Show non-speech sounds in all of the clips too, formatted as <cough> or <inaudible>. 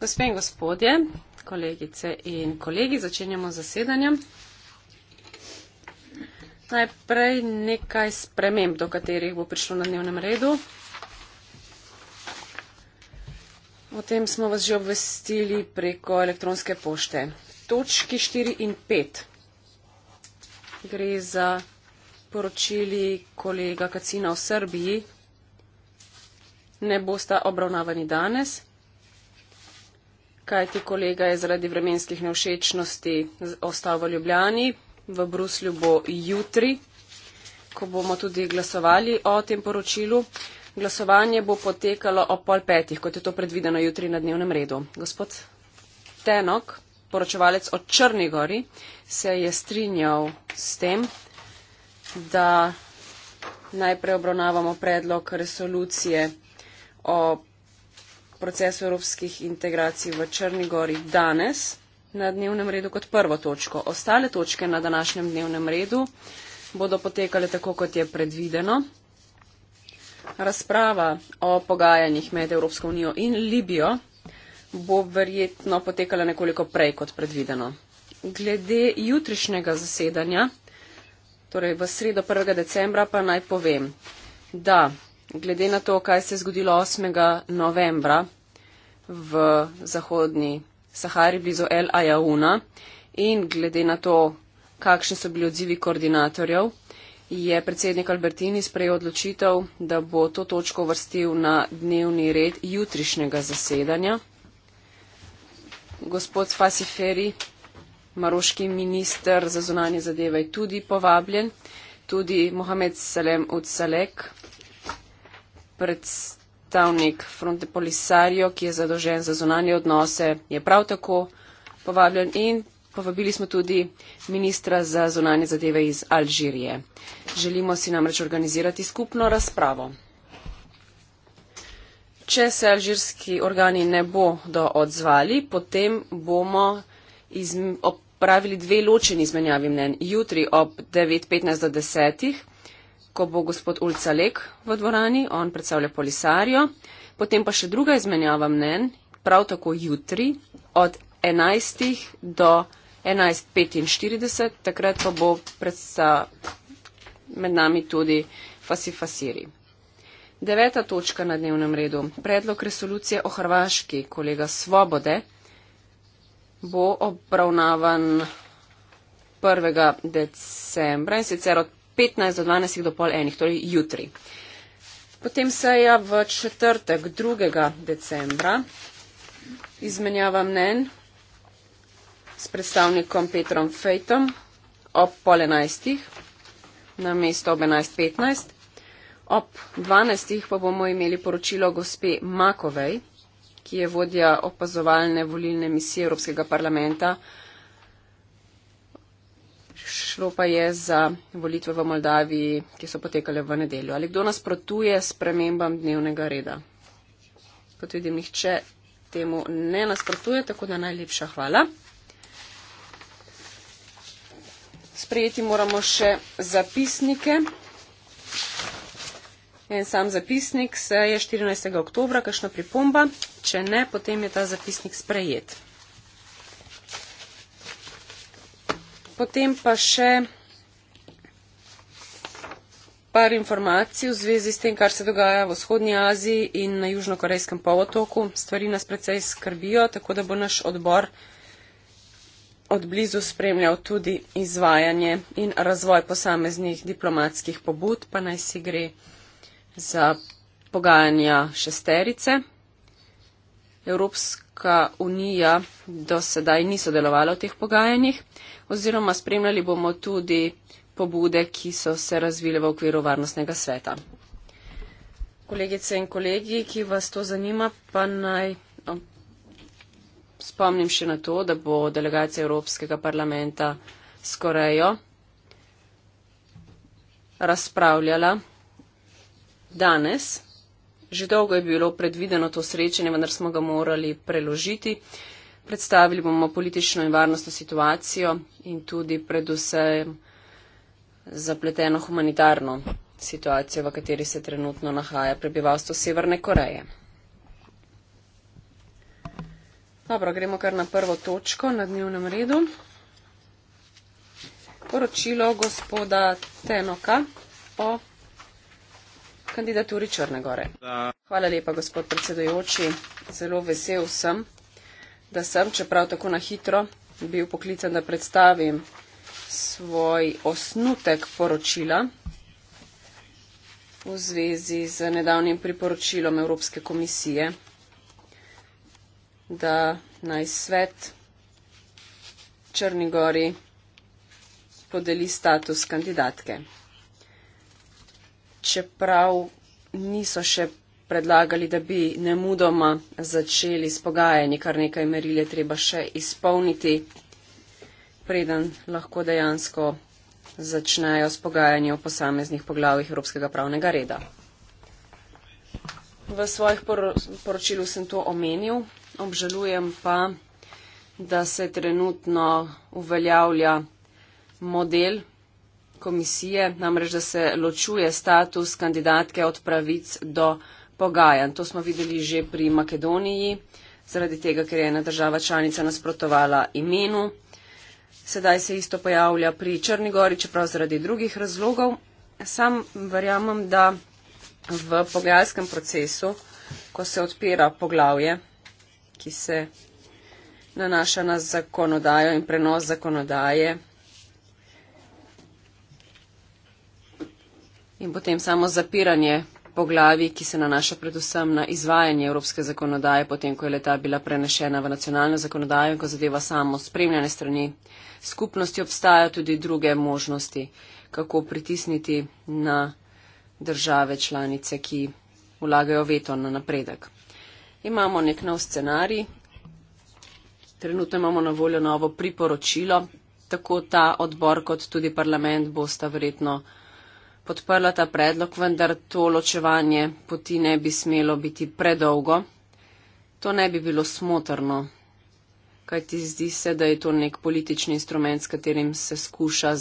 Gospe in gospodje, kolegice in kolegi, začenjamo zasedanjem. Najprej nekaj sprememb, do katerih bo prišlo na dnevnem redu. O tem smo vas že obvestili preko elektronske pošte. Točki 4 in 5 gre za poročili kolega Kacina o Srbiji, ne bosta obravnavani danes, kajti kolega je zaradi vremenskih neušečnosti ostal v Ljubljani, v Bruslju bo jutri, ko bomo tudi glasovali o tem poročilu. Glasovanje bo potekalo o pol petih, kot je to predvideno jutri na dnevnem redu. Gospod Tenok, poročevalec od Črnigori, se je strinjal s tem, da najprej obravnavamo predlog resolucije o procesu evropskih integracij v Črnigori danes na dnevnem redu kot prvo točko. Ostale točke na današnjem dnevnem redu bodo potekale tako, kot je predvideno. Razprava o pogajanjih med Evropsko unijo in Libijo bo verjetno potekala nekoliko prej kot predvideno. Glede jutrišnjega zasedanja, torej v sredo 1. decembra, pa naj povem, da glede na to, kaj se je zgodilo 8. novembra v zahodni Sahari blizu El Ayauna in glede na to, kakšni so bili odzivi koordinatorjev, je predsednik Albertini sprejel odločitev, da bo to točko vrstil na dnevni red jutrišnjega zasedanja. Gospod Fasiferi, maroški minister za zunanje zadeve, je tudi povabljen, tudi Mohamed Salem Utsalek, predstavnik Fronte Polisario, ki je zadolžen za zunanje odnose, je prav tako povabljen in povabili smo tudi ministra za zunanje zadeve iz Alžirije. Želimo si namreč organizirati skupno razpravo. Če se alžirski organi ne bodo odzvali, potem bomo opravili dve ločeni izmenjavi mnen. Jutri ob 9.15 do 10.00 ko bo gospod Ulca Lek v dvorani, on predstavlja Polisario, potem pa še druga izmenjava mnen, prav tako jutri od 11. do 11.45, takrat pa bo med nami tudi Fasifasiri. Deveta točka na dnevnem redu. Predlog resolucije o Hrvaški, kolega Svobode, bo obravnavan 1. decembra in sicer od 15 do 12 do pol enih, torej jutri. Potem se je v četrtek 2. decembra izmenjava mnen s predstavnikom Petrom Fejtom ob pol enajstih na mesto ob 11.15. Ob 12. pa bomo imeli poročilo gospe Makovej, ki je vodja opazovalne volilne misije Evropskega parlamenta šlo pa je za volitve v Moldaviji, ki so potekale v nedeljo. Ali kdo nasprotuje spremembam dnevnega reda? Kot vidim, nihče temu ne nasprotuje, tako da najlepša hvala. Sprejeti moramo še zapisnike. En sam zapisnik se je 14. oktobra, kakšna pripomba, če ne, potem je ta zapisnik sprejet. Potem pa še par informacij v zvezi s tem, kar se dogaja v vzhodnji Aziji in na južnokorejskem polotoku. Stvari nas precej skrbijo, tako da bo naš odbor odblizu spremljal tudi izvajanje in razvoj posameznih diplomatskih pobud, pa naj si gre za pogajanja šesterice. Evropska unija do sedaj ni sodelovala v teh pogajanjih oziroma spremljali bomo tudi pobude, ki so se razvile v okviru varnostnega sveta. Kolegice in kolegi, ki vas to zanima, pa naj no, spomnim še na to, da bo delegacija Evropskega parlamenta s Korejo razpravljala danes Že dolgo je bilo predvideno to srečanje, vendar smo ga morali preložiti. Predstavili bomo politično in varnostno situacijo in tudi predvsem zapleteno humanitarno situacijo, v kateri se trenutno nahaja prebivalstvo Severne Koreje. Dobro, gremo kar na prvo točko na dnevnem redu. Poročilo gospoda Tenoka o kandidaturi Črne Gore. Hvala lepa, gospod predsedujoči. Zelo vesel sem, da sem, čeprav tako na hitro, bil poklican, da predstavim svoj osnutek poročila v zvezi z nedavnim priporočilom Evropske komisije, da naj svet Črni Gori podeli status kandidatke čeprav niso še predlagali, da bi ne mudoma začeli s pogajanji, kar nekaj merile treba še izpolniti, preden lahko dejansko začnejo s pogajanji o posameznih poglavjih Evropskega pravnega reda. V svojih por poročilu sem to omenil, obžalujem pa, da se trenutno uveljavlja model komisije, namreč da se ločuje status kandidatke od pravic do pogajanj. To smo videli že pri Makedoniji, zaradi tega, ker je ena država članica nasprotovala imenu. Sedaj se isto pojavlja pri Črnigori, čeprav zaradi drugih razlogov. Sam verjamem, da v pogajalskem procesu, ko se odpira poglavje, ki se nanaša na zakonodajo in prenos zakonodaje, in potem samo zapiranje poglavi, ki se nanaša predvsem na izvajanje evropske zakonodaje, potem ko je leta bila prenešena v nacionalno zakonodajo in ko zadeva samo spremljanje strani skupnosti, obstajajo tudi druge možnosti, kako pritisniti na države članice, ki vlagajo veto na napredek. Imamo nek nov scenarij, trenutno imamo na voljo novo priporočilo, tako ta odbor kot tudi parlament bosta verjetno podprla ta predlog, vendar to ločevanje poti ne bi smelo biti predolgo. To ne bi bilo smotrno, kajti zdi se, da je to nek politični instrument, s katerim se skuša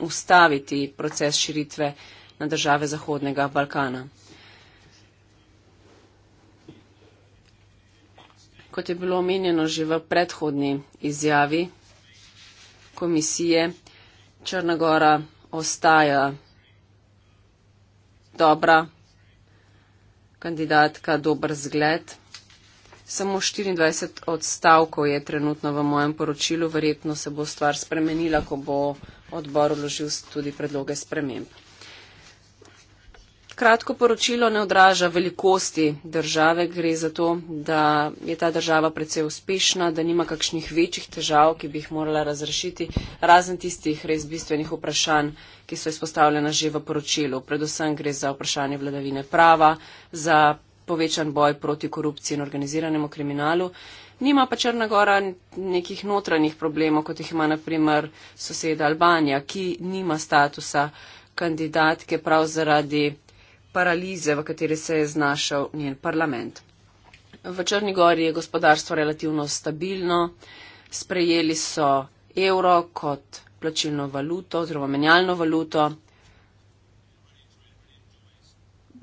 ustaviti proces širitve na države Zahodnega Balkana. Kot je bilo omenjeno že v predhodni izjavi komisije, Črna Gora ostaja dobra kandidatka, dober zgled. Samo 24 odstavkov je trenutno v mojem poročilu, verjetno se bo stvar spremenila, ko bo odbor vložil tudi predloge sprememb kratko poročilo ne odraža velikosti države, gre za to, da je ta država predvsej uspešna, da nima kakšnih večjih težav, ki bi jih morala razrešiti, razen tistih res bistvenih vprašanj, ki so izpostavljena že v poročilu. Predvsem gre za vprašanje vladavine prava, za povečan boj proti korupciji in organiziranemu kriminalu. Nima pa Črna Gora nekih notranjih problemov, kot jih ima naprimer soseda Albanija, ki nima statusa kandidatke prav zaradi paralize, v kateri se je znašel njen parlament. V Črni gori je gospodarstvo relativno stabilno, sprejeli so evro kot plačilno valuto oziroma menjalno valuto.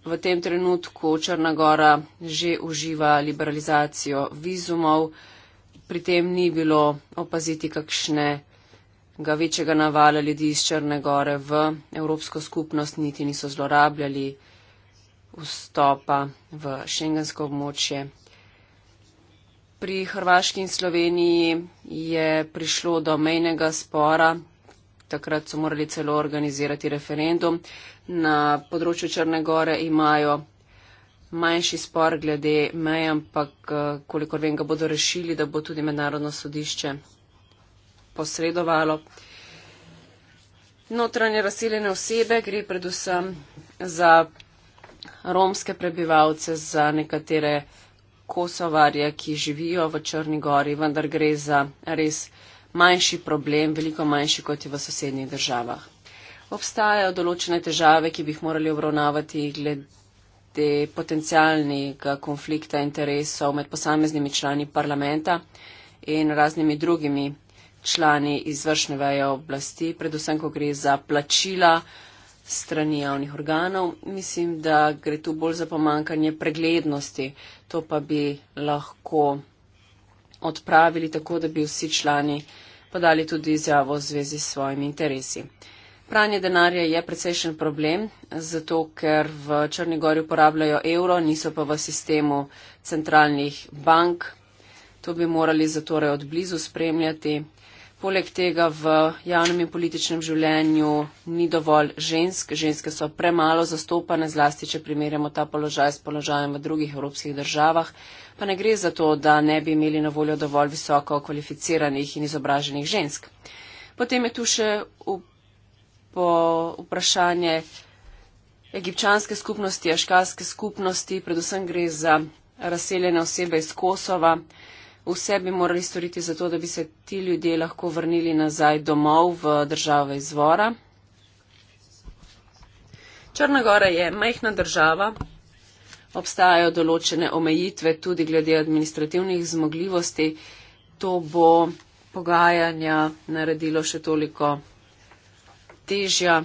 V tem trenutku Črna gora že uživa liberalizacijo vizumov, pri tem ni bilo opaziti kakšne ga večjega navala ljudi iz Črne gore v Evropsko skupnost, niti niso zlorabljali vstopa v šengensko območje. Pri Hrvaški in Sloveniji je prišlo do mejnega spora, takrat so morali celo organizirati referendum. Na področju Črne gore imajo manjši spor glede meje, ampak eh, kolikor vem, ga bodo rešili, da bo tudi mednarodno sodišče posredovalo. Notranje razseljene osebe gre predvsem za romske prebivalce, za nekatere kosovarje, ki živijo v Črni gori, vendar gre za res manjši problem, veliko manjši kot je v sosednjih državah. Obstajajo določene težave, ki bi jih morali obravnavati glede potencijalnega konflikta interesov med posameznimi člani parlamenta in raznimi drugimi člani izvršne veje oblasti, predvsem ko gre za plačila strani javnih organov. Mislim, da gre tu bolj za pomankanje preglednosti. To pa bi lahko odpravili tako, da bi vsi člani podali tudi izjavo v zvezi s svojimi interesi. Pranje denarja je precejšen problem, zato ker v Črni gori uporabljajo evro, niso pa v sistemu centralnih bank. To bi morali zatorej odblizu spremljati poleg tega v javnem in političnem življenju ni dovolj žensk. Ženske so premalo zastopane, zlasti če primerjamo ta položaj s položajem v drugih evropskih državah. Pa ne gre za to, da ne bi imeli na voljo dovolj visoko kvalificiranih in izobraženih žensk. Potem je tu še up vprašanje egipčanske skupnosti, aškarske skupnosti, predvsem gre za razseljene osebe iz Kosova vse bi morali storiti za to, da bi se ti ljudje lahko vrnili nazaj domov v države izvora. Črna Gora je majhna država, obstajajo določene omejitve tudi glede administrativnih zmogljivosti. To bo pogajanja naredilo še toliko težja.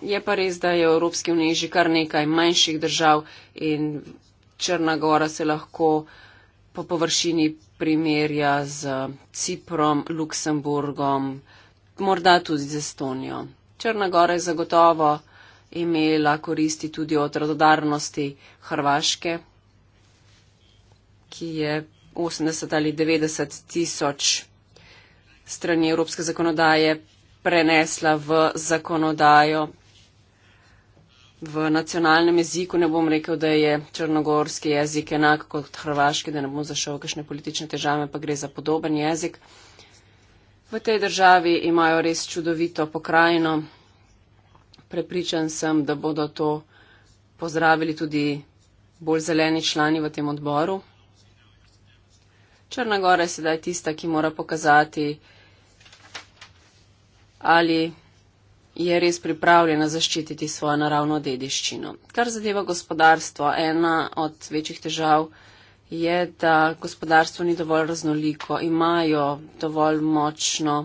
Je pa res, da je v Evropski uniji že kar nekaj manjših držav in Črna Gora se lahko po površini primerja z Ciprom, Luksemburgom, morda tudi z Estonijo. Črna Gora je zagotovo imela koristi tudi od radodarnosti Hrvaške, ki je 80 ali 90 tisoč strani evropske zakonodaje prenesla v zakonodajo v nacionalnem jeziku, ne bom rekel, da je črnogorski jezik enak kot hrvaški, da ne bom zašel v kakšne politične težave, pa gre za podoben jezik. V tej državi imajo res čudovito pokrajino. Prepričan sem, da bodo to pozdravili tudi bolj zeleni člani v tem odboru. Črna Gora je sedaj tista, ki mora pokazati, ali je res pripravljena zaščititi svojo naravno dediščino. Kar zadeva gospodarstvo, ena od večjih težav je, da gospodarstvo ni dovolj raznoliko, imajo dovolj močno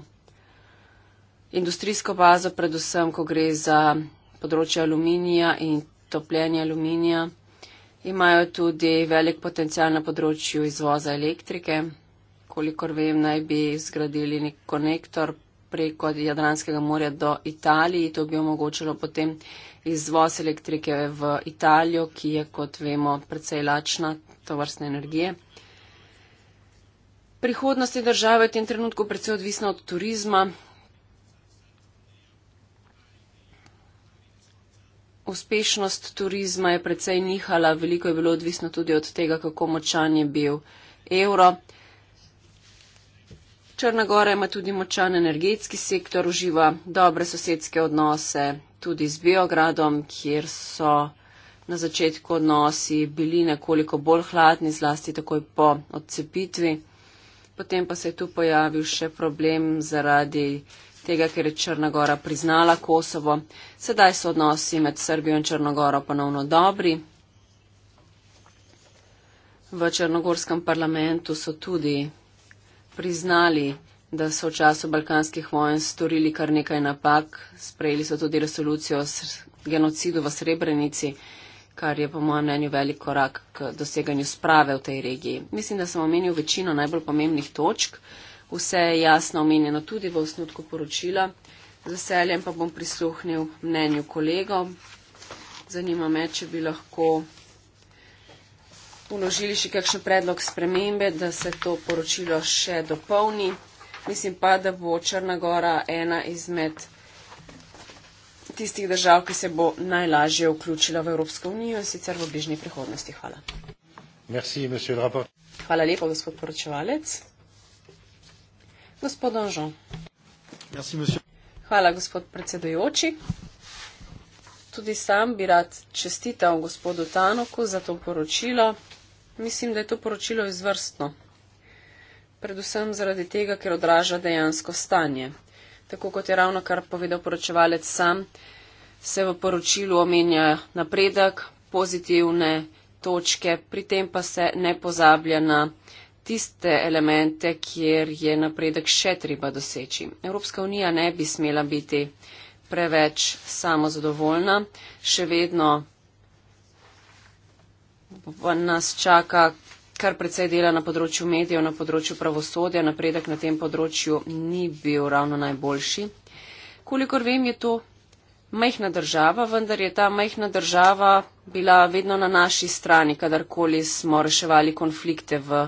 industrijsko bazo, predvsem, ko gre za področje aluminija in topljenje aluminija. Imajo tudi velik potencial na področju izvoza elektrike. Kolikor vem, naj bi zgradili nek konektor preko Jadranskega morja do Italiji. To bi omogočilo potem izvoz elektrike v Italijo, ki je, kot vemo, precej lačna to vrstne energije. Prihodnosti države je v tem trenutku precej odvisna od turizma. Uspešnost turizma je precej nihala, veliko je bilo odvisno tudi od tega, kako močan je bil evro. Črna Gora ima tudi močan energetski sektor, uživa dobre sosedske odnose tudi z Biogradom, kjer so na začetku odnosi bili nekoliko bolj hladni, zlasti takoj po odcepitvi. Potem pa se je tu pojavil še problem zaradi tega, ker je Črna Gora priznala Kosovo. Sedaj so odnosi med Srbijo in Črno Goro ponovno dobri. V Črnogorskem parlamentu so tudi priznali, da so v času balkanskih vojen storili kar nekaj napak. Sprejeli so tudi resolucijo o genocidu v Srebrenici, kar je po mojem mnenju velik korak k doseganju sprave v tej regiji. Mislim, da sem omenil večino najbolj pomembnih točk. Vse je jasno omenjeno tudi v osnutku poročila. Z veseljem pa bom prisluhnil mnenju kolegov. Zanima me, če bi lahko vložili še kakšen predlog spremembe, da se to poročilo še dopolni. Mislim pa, da bo Črnagora ena izmed tistih držav, ki se bo najlažje vključila v Evropsko unijo in sicer v bližnji prihodnosti. Hvala. Merci, Hvala lepa, gospod poročevalec. Gospod Anžon. Hvala, gospod predsedujoči. Tudi sam bi rad čestital gospodu Tanoku za to poročilo. Mislim, da je to poročilo izvrstno. Predvsem zaradi tega, ker odraža dejansko stanje. Tako kot je ravno kar povedal poročevalec sam, se v poročilu omenja napredek, pozitivne točke, pri tem pa se ne pozablja na tiste elemente, kjer je napredek še treba doseči. Evropska unija ne bi smela biti preveč samozadovoljna, še vedno nas čaka kar precej dela na področju medijev, na področju pravosodja. Napredek na tem področju ni bil ravno najboljši. Kolikor vem, je to majhna država, vendar je ta majhna država bila vedno na naši strani, kadarkoli smo reševali konflikte v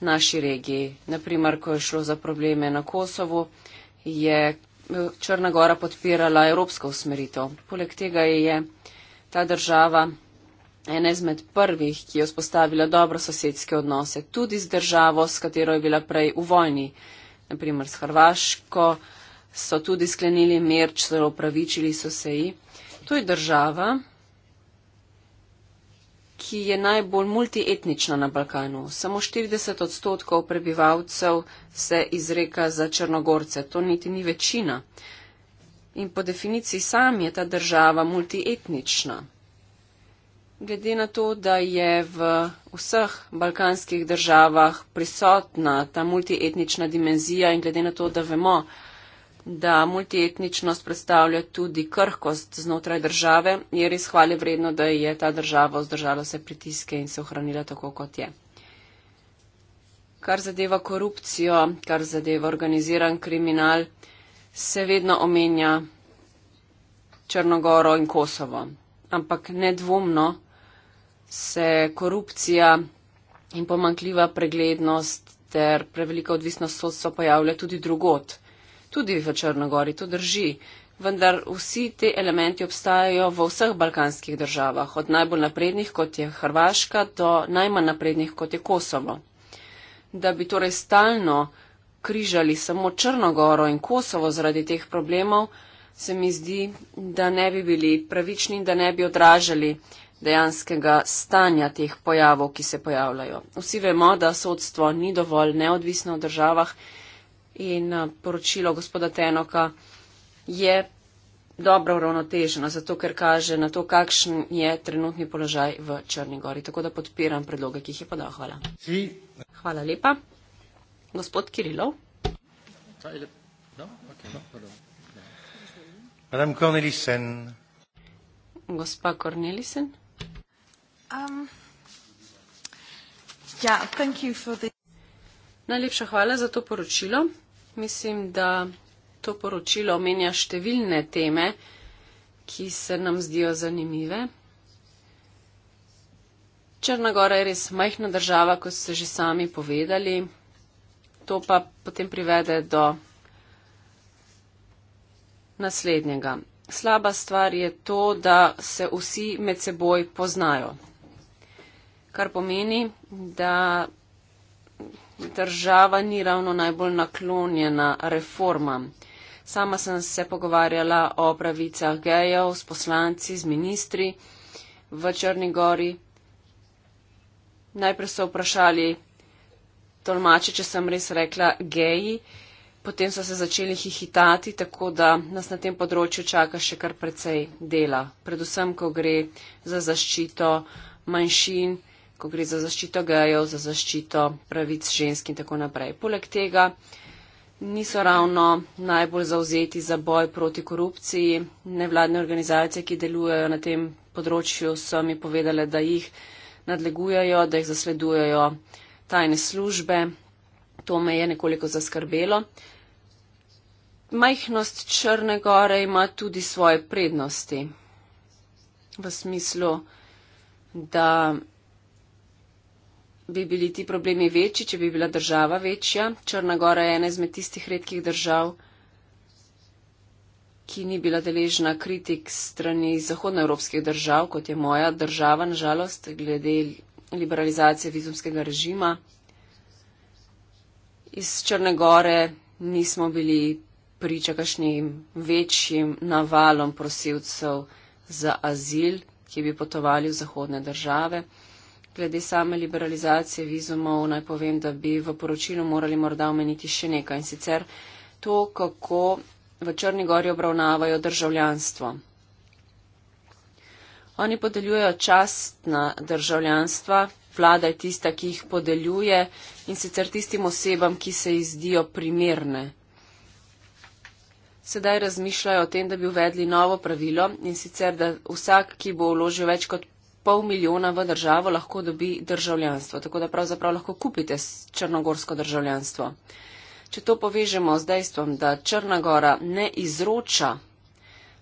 naši regiji. Naprimer, ko je šlo za probleme na Kosovu, je eh, Črna gora podpirala evropsko usmeritev. Poleg tega je ta država ena izmed prvih, ki je vzpostavila dobro sosedske odnose tudi z državo, s katero je bila prej v vojni, naprimer s Hrvaško, so tudi sklenili mir, celo upravičili so se ji. To je država, ki je najbolj multietnična na Balkanu. Samo 40 odstotkov prebivalcev se izreka za Črnogorce, to niti ni večina. In po definiciji sam je ta država multietnična. Glede na to, da je v vseh balkanskih državah prisotna ta multietnična dimenzija in glede na to, da vemo, da multietničnost predstavlja tudi krhkost znotraj države, je res hvale vredno, da je ta država vzdržala vse pritiske in se ohranila tako, kot je. Kar zadeva korupcijo, kar zadeva organiziran kriminal, se vedno omenja Črnogoro in Kosovo ampak nedvomno se korupcija in pomankljiva preglednost ter prevelika odvisnost sodstva pojavlja tudi drugot, tudi v Črnogori, to drži. Vendar vsi te elementi obstajajo v vseh balkanskih državah, od najbolj naprednih, kot je Hrvaška, do najmanj naprednih, kot je Kosovo. Da bi torej stalno križali samo Črnogoro in Kosovo zaradi teh problemov, se mi zdi, da ne bi bili pravični in da ne bi odražali dejanskega stanja teh pojavov, ki se pojavljajo. Vsi vemo, da sodstvo ni dovolj neodvisno v državah in eh, poročilo gospoda Tenoka je dobro uravnoteženo, zato ker kaže na to, kakšen je trenutni položaj v Črnigori. Tako da podpiram predloge, ki jih je podal. Hvala. Hvala lepa. Gospod Kirilov. No? Okay. No, Madame Cornelissen. Gospa Cornelissen. Um, yeah, ja, thank you for the... Najlepša hvala za to poročilo. Mislim, da to poročilo omenja številne teme, ki se nam zdijo zanimive. Črna Gora je res majhna država, kot ste že sami povedali. To pa potem privede do naslednjega. Slaba stvar je to, da se vsi med seboj poznajo, kar pomeni, da država ni ravno najbolj naklonjena reformam. Sama sem se pogovarjala o pravicah gejev s poslanci, z ministri v Črni gori. Najprej so vprašali tolmače, če sem res rekla geji. Uh, potem so se začeli hihitati, tako da nas na tem področju čaka še kar precej dela. Predvsem, ko gre za zaščito manjšin, ko gre za zaščito gejev, za zaščito pravic žensk in tako naprej. Poleg tega niso ravno najbolj zauzeti za boj proti korupciji. Nevladne organizacije, ki delujejo na tem področju, so mi povedali, da jih nadlegujejo, da jih zasledujejo tajne službe. To me je nekoliko zaskrbelo majhnost Črne gore ima tudi svoje prednosti v smislu, da bi bili ti problemi večji, če bi bila država večja. Črna gora je ena izmed tistih redkih držav, ki ni bila deležna kritik strani zahodnoevropskih držav, kot je moja država, nažalost, glede liberalizacije vizumskega režima. Iz Črne gore nismo bili priča kašnim večjim navalom prosilcev za azil, ki bi potovali v zahodne države. Glede same liberalizacije vizumov naj povem, da bi v poročilu morali morda omeniti še nekaj in sicer to, kako v Črni gori obravnavajo državljanstvo. Oni podeljujejo častna državljanstva, vlada je tista, ki jih podeljuje in sicer tistim osebam, ki se jih zdijo primerne sedaj razmišljajo o tem, da bi uvedli novo pravilo in sicer, da vsak, ki bo uložil več kot pol milijona v državo, lahko dobi državljanstvo. Tako da pravzaprav lahko kupite črnogorsko državljanstvo. Če to povežemo z dejstvom, da Črna Gora ne izroča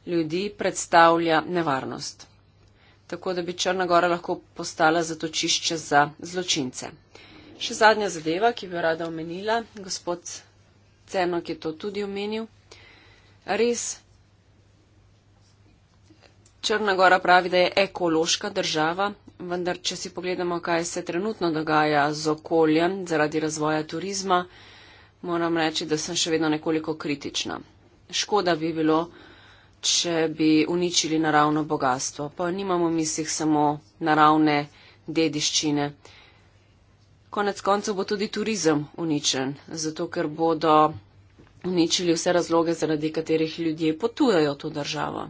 ljudi, predstavlja nevarnost. Tako da bi Črna Gora lahko postala zatočišče za zločince. Še zadnja zadeva, ki bi jo rada omenila, gospod Cenok je to tudi omenil res Črna gora pravi, da je ekološka država, vendar če si pogledamo, kaj se trenutno dogaja z okoljem zaradi razvoja turizma, moram reči, da sem še vedno nekoliko kritična. Škoda bi bilo, če bi uničili naravno bogatstvo, pa nimamo v mislih samo naravne dediščine. Konec koncev bo tudi turizem uničen, zato ker bodo uničili vse razloge, zaradi katerih ljudje potujajo to državo.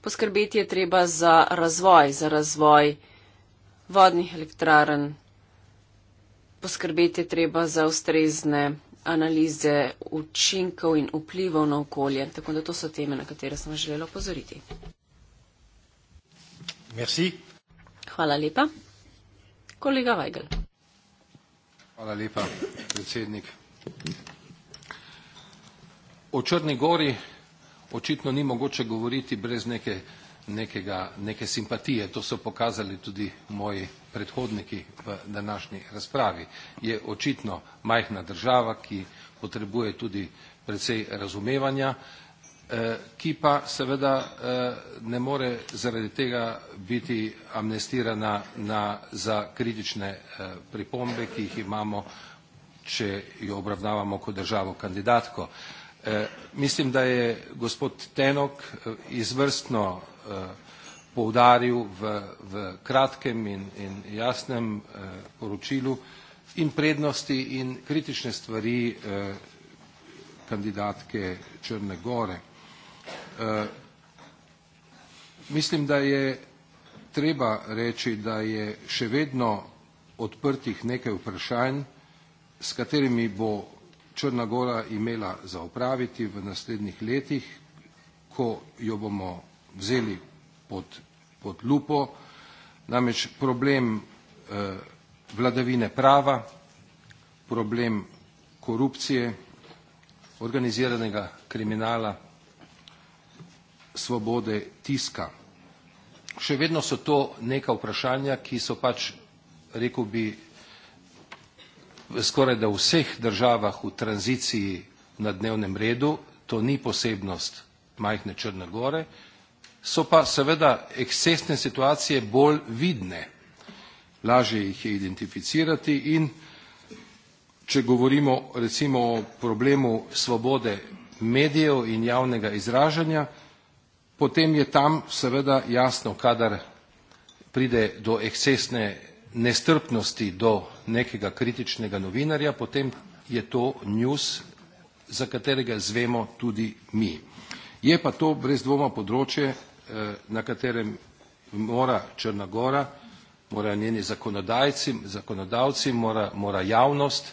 Poskrbeti je treba za razvoj, za razvoj vodnih elektrarn. Poskrbeti je treba za ustrezne analize učinkov in vplivov na okolje. Tako da to so teme, na katere sem želela opozoriti. Merci. Hvala lepa. Kolega Weigl. Hvala lepa, predsednik. O Črni gori očitno ni mogoče govoriti brez neke, nekega, neke simpatije. To so pokazali tudi moji predhodniki v današnji razpravi. Je očitno majhna država, ki potrebuje tudi precej razumevanja, eh, ki pa seveda eh, ne more zaradi tega biti amnestirana na, za kritične eh, pripombe, ki jih imamo če jo obravnavamo kot državo kandidatko. E, mislim, da je gospod Tenok e, izvrstno e, poudaril v, v kratkem in, in jasnem poročilu in prednosti in kritične stvari kandidatke Črne Gore. Mislim, da je treba reči, da je še vedno odprtih nekaj vprašanj, s katerimi bo Črna Gora imela za opraviti v naslednjih letih, ko jo bomo vzeli pod, pod lupo, namreč problem eh, vladavine prava, problem korupcije, organiziranega kriminala, svobode tiska. Še vedno so to neka vprašanja, ki so pač, rekel bi, skoraj da v vseh državah v tranziciji na dnevnem redu, to ni posebnost majhne Črne gore, so pa seveda ekscesne situacije bolj vidne. Lažje jih je identificirati in če govorimo recimo o problemu svobode medijev in javnega izražanja, potem je tam seveda jasno, kadar pride do ekscesne nestrpnosti do nekega kritičnega novinarja, potem je to news, za katerega zvemo tudi mi. Je pa to brez dvoma področje, eh, na katerem mora Črna gora, mora njeni zakonodajci, zakonodavci, mora, mora javnost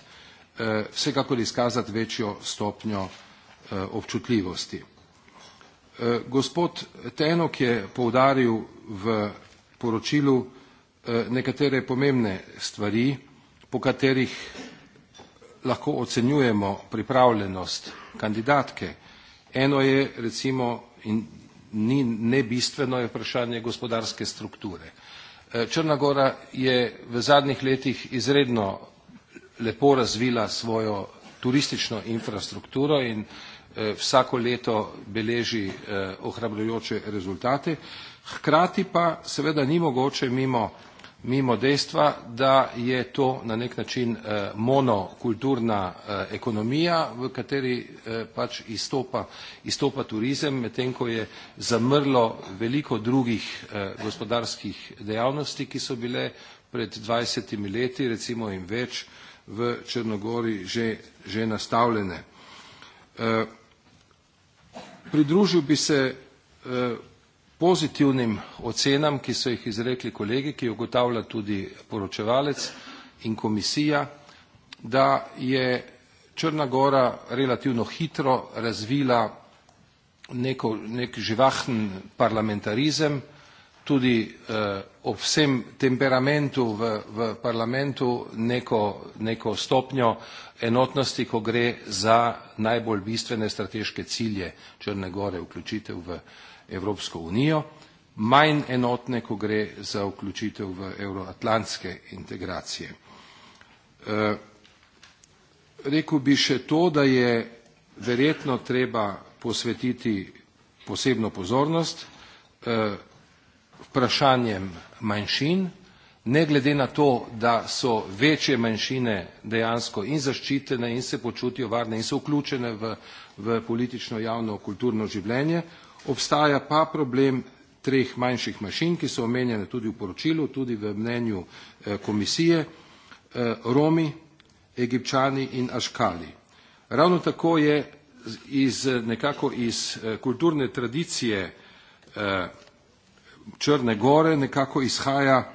eh, vsekakor izkazati večjo stopnjo eh, občutljivosti. Gospod Tenok je poudaril v poročilu Eh, nekatere pomembne stvari, po katerih lahko ocenjujemo pripravljenost kandidatke. Eno je recimo in ni nebistveno je vprašanje gospodarske strukture. Eh, Črna Gora je v zadnjih letih izredno lepo razvila svojo turistično infrastrukturo in eh, vsako leto beleži ohrabrujoče rezultate. Hkrati pa seveda ni mogoče mimo mimo dejstva, da je to na nek način eh, monokulturna eh, ekonomija, v kateri eh, pač izstopa, izstopa turizem, medtem ko je zamrlo veliko drugih gospodarskih dejavnosti, ki so bile pred 20 leti, recimo in več, v Črnogori že, že nastavljene. Pridružil bi se pozitivnim ocenam, ki so jih izrekli kolegi, ki ugotavlja tudi poročevalec in komisija, da je Črna Gora relativno hitro razvila neko, nek živahen parlamentarizem, tudi eh, ob vsem temperamentu v, v parlamentu neko, neko stopnjo enotnosti, ko gre za najbolj bistvene strateške cilje Črne Gore, vključitev v eh, Evropsko unijo, manj enotne, ko gre za vključitev v euroatlantske integracije. E, rekel bi še to, da je verjetno treba posvetiti posebno pozornost e, vprašanjem manjšin, ne glede na to, da so večje manjšine dejansko in zaščitene in se počutijo varne in so vključene v, v politično, javno, kulturno življenje, Obstaja pa problem treh manjših mašin, ki so omenjene tudi v poročilu, tudi v mnenju eh, komisije, eh, Romi, Egipčani in Aškali. Ravno tako je iz, nekako iz eh, kulturne tradicije Črne gore nekako izhaja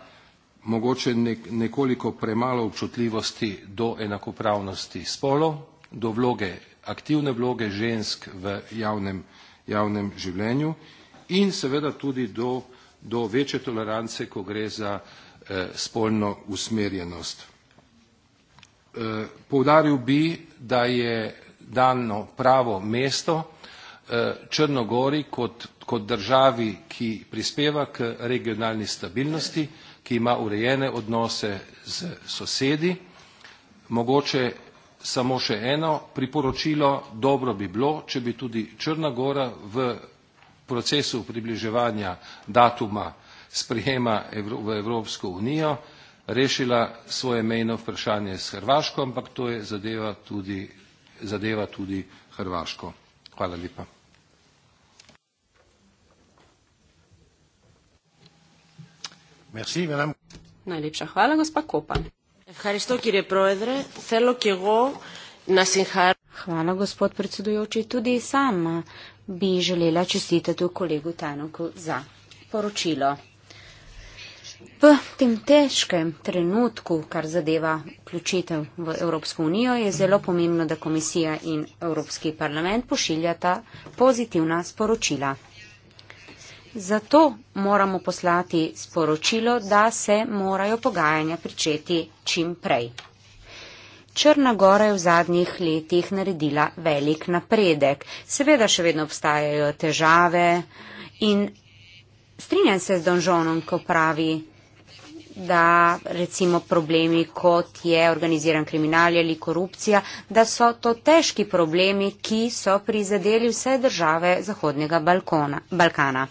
mogoče nekoliko premalo občutljivosti do enakopravnosti spolov, do vloge, aktivne vloge žensk v javnem življenju javnem življenju in seveda tudi do, do večje tolerance, ko gre za eh, spolno usmerjenost. Eh, poudaril bi, da je dano pravo mesto eh, Črnogori kot, kot državi, ki prispeva k regionalni stabilnosti, ki ima urejene odnose z sosedi, mogoče samo še eno priporočilo. Dobro bi bilo, če bi tudi Črna Gora v procesu približevanja datuma sprejema v Evropsko unijo rešila svoje mejno vprašanje s Hrvaško, ampak to je zadeva tudi, zadeva tudi Hrvaško. Hvala lepa. Merci, Najlepša hvala, gospa Kopan. Hvala, gospod predsedujoči. Tudi sama bi želela čestitati kolegu Tanuku za poročilo. V tem težkem trenutku, kar zadeva vključitev v Evropsko unijo, je zelo pomembno, da komisija in Evropski parlament pošiljata pozitivna sporočila. Zato moramo poslati sporočilo, da se morajo pogajanja pričeti čim prej. Črna gora je v zadnjih letih naredila velik napredek. Seveda še vedno obstajajo težave in strinjam se z Donžonom, ko pravi, da recimo problemi kot je organiziran kriminal ali korupcija, da so to težki problemi, ki so prizadeli vse države Zahodnega Balkona, Balkana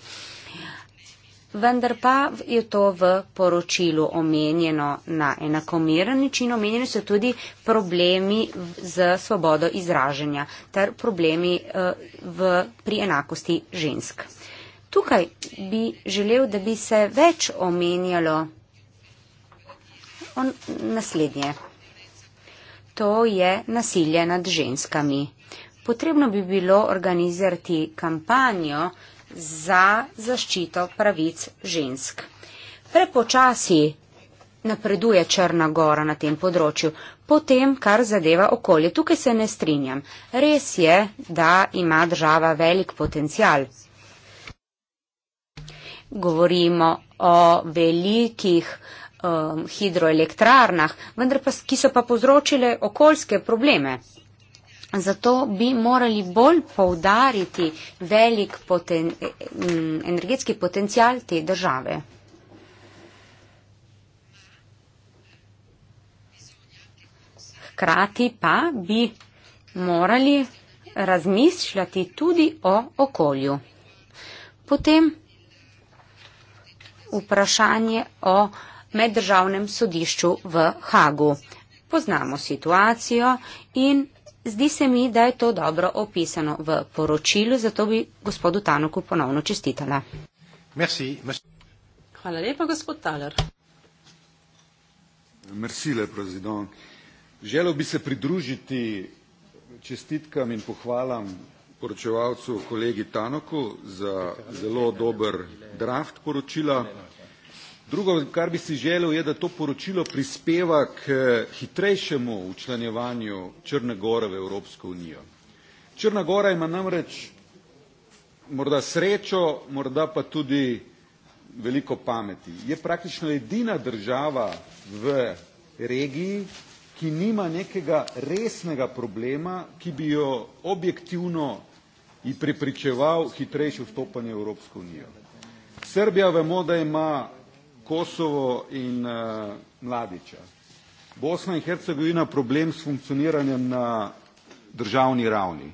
vendar pa je to v poročilu omenjeno na enakomeren način. Omenjeni so tudi problemi z svobodo izražanja ter problemi eh, v, pri enakosti žensk. Tukaj bi želel, da bi se več omenjalo on, naslednje. To je nasilje nad ženskami. Potrebno bi bilo organizirati kampanjo za zaščito pravic žensk. Prepočasi napreduje Črna Gora na tem področju, potem kar zadeva okolje. Tukaj se ne strinjam. Res je, da ima država velik potencial. Govorimo o velikih um, hidroelektrarnah, vendar pa, ki so pa povzročile okoljske probleme. Zato bi morali bolj poudariti velik poten, mm, energetski potencial te države. Hkrati pa bi morali razmišljati tudi o okolju. Potem vprašanje o meddržavnem sodišču v Hagu. Poznamo situacijo in Zdi se mi, da je to dobro opisano v poročilu, zato bi gospodu Tanuku ponovno čestitala. Merci, merci. Hvala lepa, gospod Taler. Merci, le prezident. Želel bi se pridružiti čestitkam in pohvalam poročevalcu kolegi Tanoku za zelo dober draft poročila. Drugo, kar bi si želel, je, da to poročilo prispeva k eh, hitrejšemu učlanjevanju Črne Gore v Evropsko unijo. Črna Gora ima namreč morda srečo, morda pa tudi veliko pameti. Je praktično edina država v regiji, ki nima nekega resnega problema, ki bi jo objektivno in prepričeval hitrejše vstopanje v Evropsko unijo. Srbija vemo, da ima Kosovo in uh, Mladića. Bosna in Hercegovina problem s funkcioniranjem na državni ravni.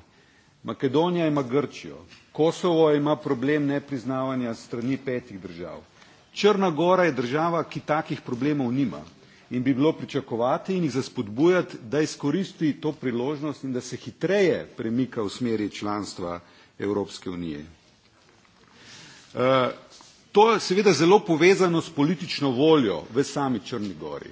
Makedonija ima Grčijo, Kosovo ima problem nepriznavanja strani petih držav. Črna Gora je država, ki takih problemov nima in bi bilo pričakovati in jih zaspodbujati, da izkoristi to priložnost in da se hitreje premika v smeri članstva Evropske unije. Uh, To je seveda zelo povezano s politično voljo v sami Črni gori.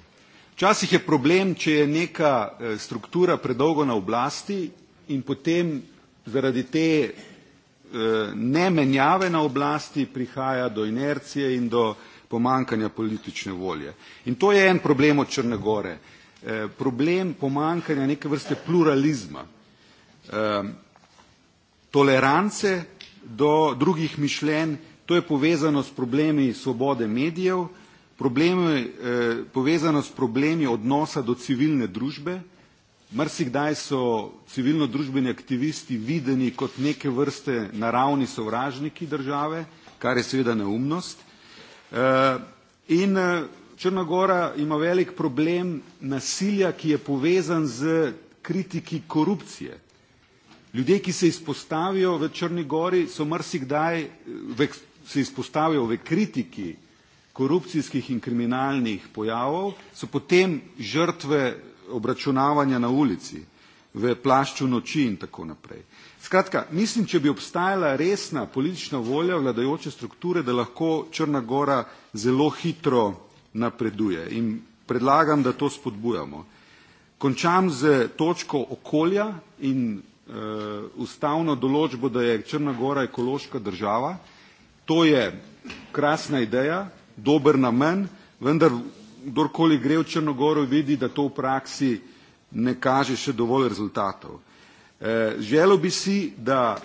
Včasih je problem, če je neka eh, struktura predolgo na oblasti in potem zaradi te eh, nemenjave na oblasti prihaja do inercije in do pomankanja politične volje. In to je en problem od Črne gore. Eh, problem pomankanja neke vrste pluralizma, tolerance do drugih mišljenj, To je povezano s problemi svobode medijev, problemi, eh, povezano s problemi odnosa do civilne družbe. Mrsikdaj so civilno-družbeni aktivisti videni kot neke vrste naravni sovražniki države, kar je seveda neumnost. Eh, in eh, Črna Gora ima velik problem nasilja, ki je povezan z kritiki korupcije. Ljudje, ki se izpostavijo v Črni Gori, so mrsikdaj eh, v se izpostavijo v kritiki korupcijskih in kriminalnih pojavov, so potem žrtve obračunavanja na ulici, v plašču noči in tako naprej. Skratka, mislim, če bi obstajala resna politična volja vladajoče strukture, da lahko Črna Gora zelo hitro napreduje in predlagam, da to spodbujamo. Končam z točko okolja in e, ustavno določbo, da je Črna Gora ekološka država, To je krasna ideja, dober namen, vendar kdorkoli gre v Črnogoro vidi, da to v praksi ne kaže še dovolj rezultatov. E, želel bi si, da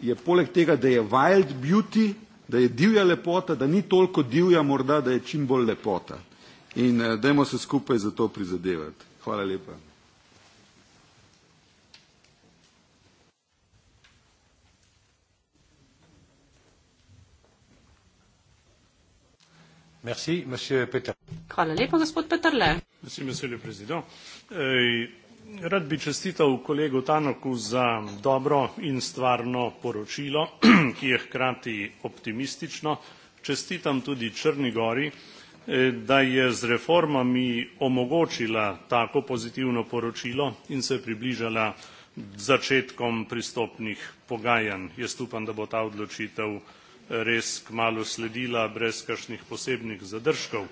je poleg tega, da je wild beauty, da je divja lepota, da ni toliko divja morda, da je čim bolj lepota. In e, dajmo se skupaj za to prizadevati. Hvala lepa. rad bi čestital kolegu tannocku za dobro in stvarno poročilo <clears throat> ki je hkrati optimistično čestitam tudi črni gori e, da je z reformami omogočila tako pozitivno poročilo in se približala začetkom pristopnih pogajanj jaz upam da bo ta odločitev res kmalo sledila brez kakšnih posebnih zadržkov.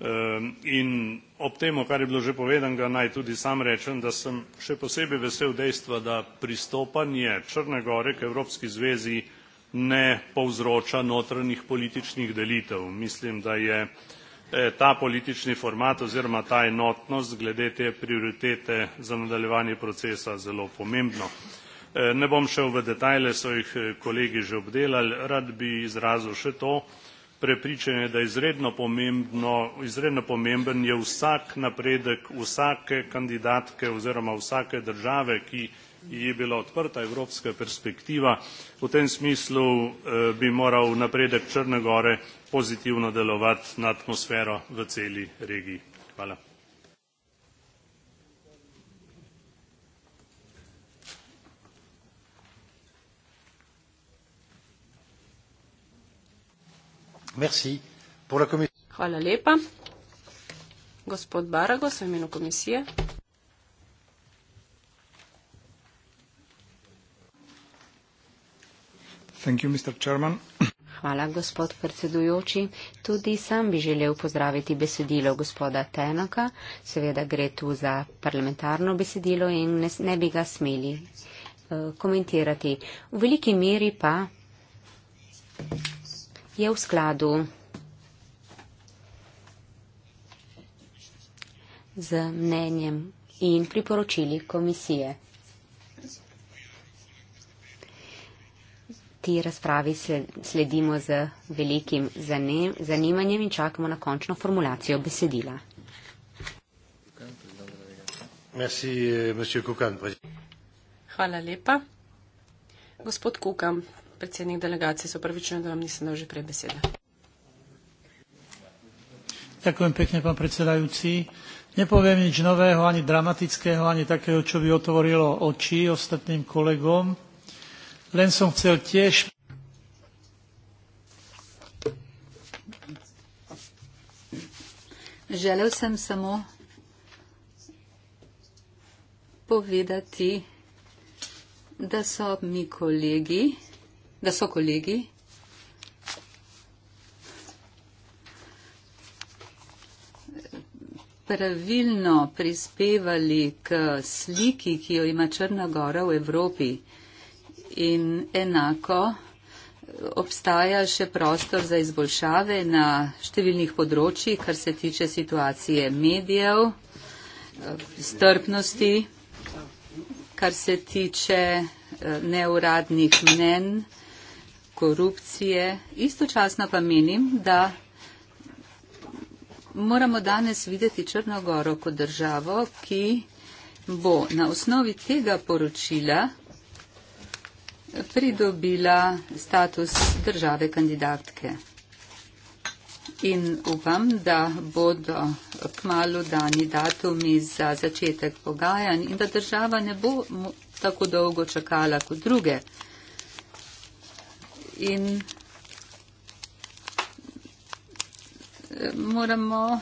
Ehm, in ob tem, kar je bilo že povedanega, naj tudi sam rečem, da sem še posebej vesel dejstva, da pristopanje Črne gore k Evropski zvezi ne povzroča notranjih političnih delitev. Mislim, da je eh, ta politični format oziroma ta enotnost glede te prioritete za nadaljevanje procesa zelo pomembno. E, ne bom šel v detajle, so jih e, kolegi že obdelali, rad bi izrazil še to prepričanje, da izredno pomembno, izredno pomemben je vsak napredek vsake kandidatke oziroma vsake države, ki je bila odprta evropska perspektiva. V tem smislu e, bi moral napredek Črne gore pozitivno delovati na atmosfero v celi regiji. Hvala. Hvala lepa. Gospod Baragos, v imenu komisije. Thank you, Mr. Chairman. Hvala, gospod predsedujoči. Tudi sam bi želel pozdraviti besedilo gospoda Tenaka. Seveda gre tu za parlamentarno besedilo in ne, ne bi ga smeli uh, komentirati. V veliki meri pa je v skladu z mnenjem in priporočili komisije. Ti razpravi sledimo z velikim zanimanjem in čakamo na končno formulacijo besedila. Eh, Hvala lepa. Gospod Kukan, predsednik delegacije, se upravičujem, da vam nisem dal že prej besede. Ďakujem pekne, pán predsedajúci. Nepoviem nič nového, ani dramatického, ani takého, čo by otvorilo oči ostatným kolegom. Len som chcel tiež... Želel sem samo povedati, da so mi kolegi da so kolegi pravilno prispevali k sliki, ki jo ima Črna Gora v Evropi. In enako obstaja še prostor za izboljšave na številnih področjih, kar se tiče situacije medijev, strpnosti, kar se tiče eh, neuradnih mnen korupcije. Istočasno pa menim, da moramo danes videti Črnogoro kot državo, ki bo na osnovi tega poročila pridobila status države kandidatke. In upam, da bodo kmalo dani datumi za začetek pogajanj in da država ne bo tako dolgo čakala kot druge in eh, moramo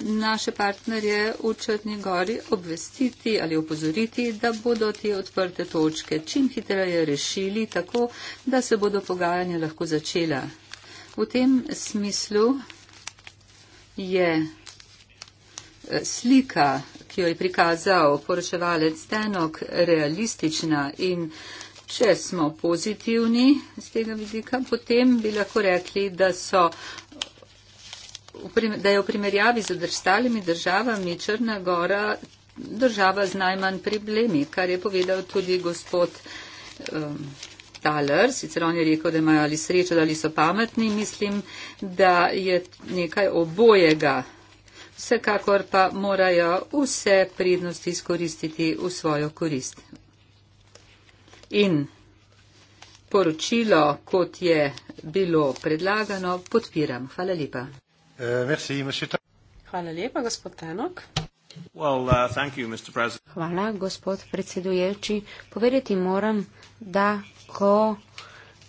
naše partnerje v Črni gori obvestiti ali opozoriti, da bodo te odprte točke čim hitreje rešili, tako da se bodo pogajanja lahko začela. V tem smislu je eh, slika, ki jo je prikazal poročevalec Tenok, realistična in Če smo pozitivni z tega vidika, potem bi lahko rekli, da, so, da je v primerjavi z drstalimi državami Črna Gora država z najmanj problemi, kar je povedal tudi gospod um, Taler. Sicer on je rekel, da imajo ali srečo, ali so pametni. Mislim, da je nekaj obojega. Vsekakor pa morajo vse prednosti izkoristiti v svojo korist in poročilo, kot je bilo predlagano, podpiram. Hvala lepa. Eh, Hvala lepa, gospod Tenok. Well, uh, you, Hvala, gospod predsedujoči. Povedati moram, da ko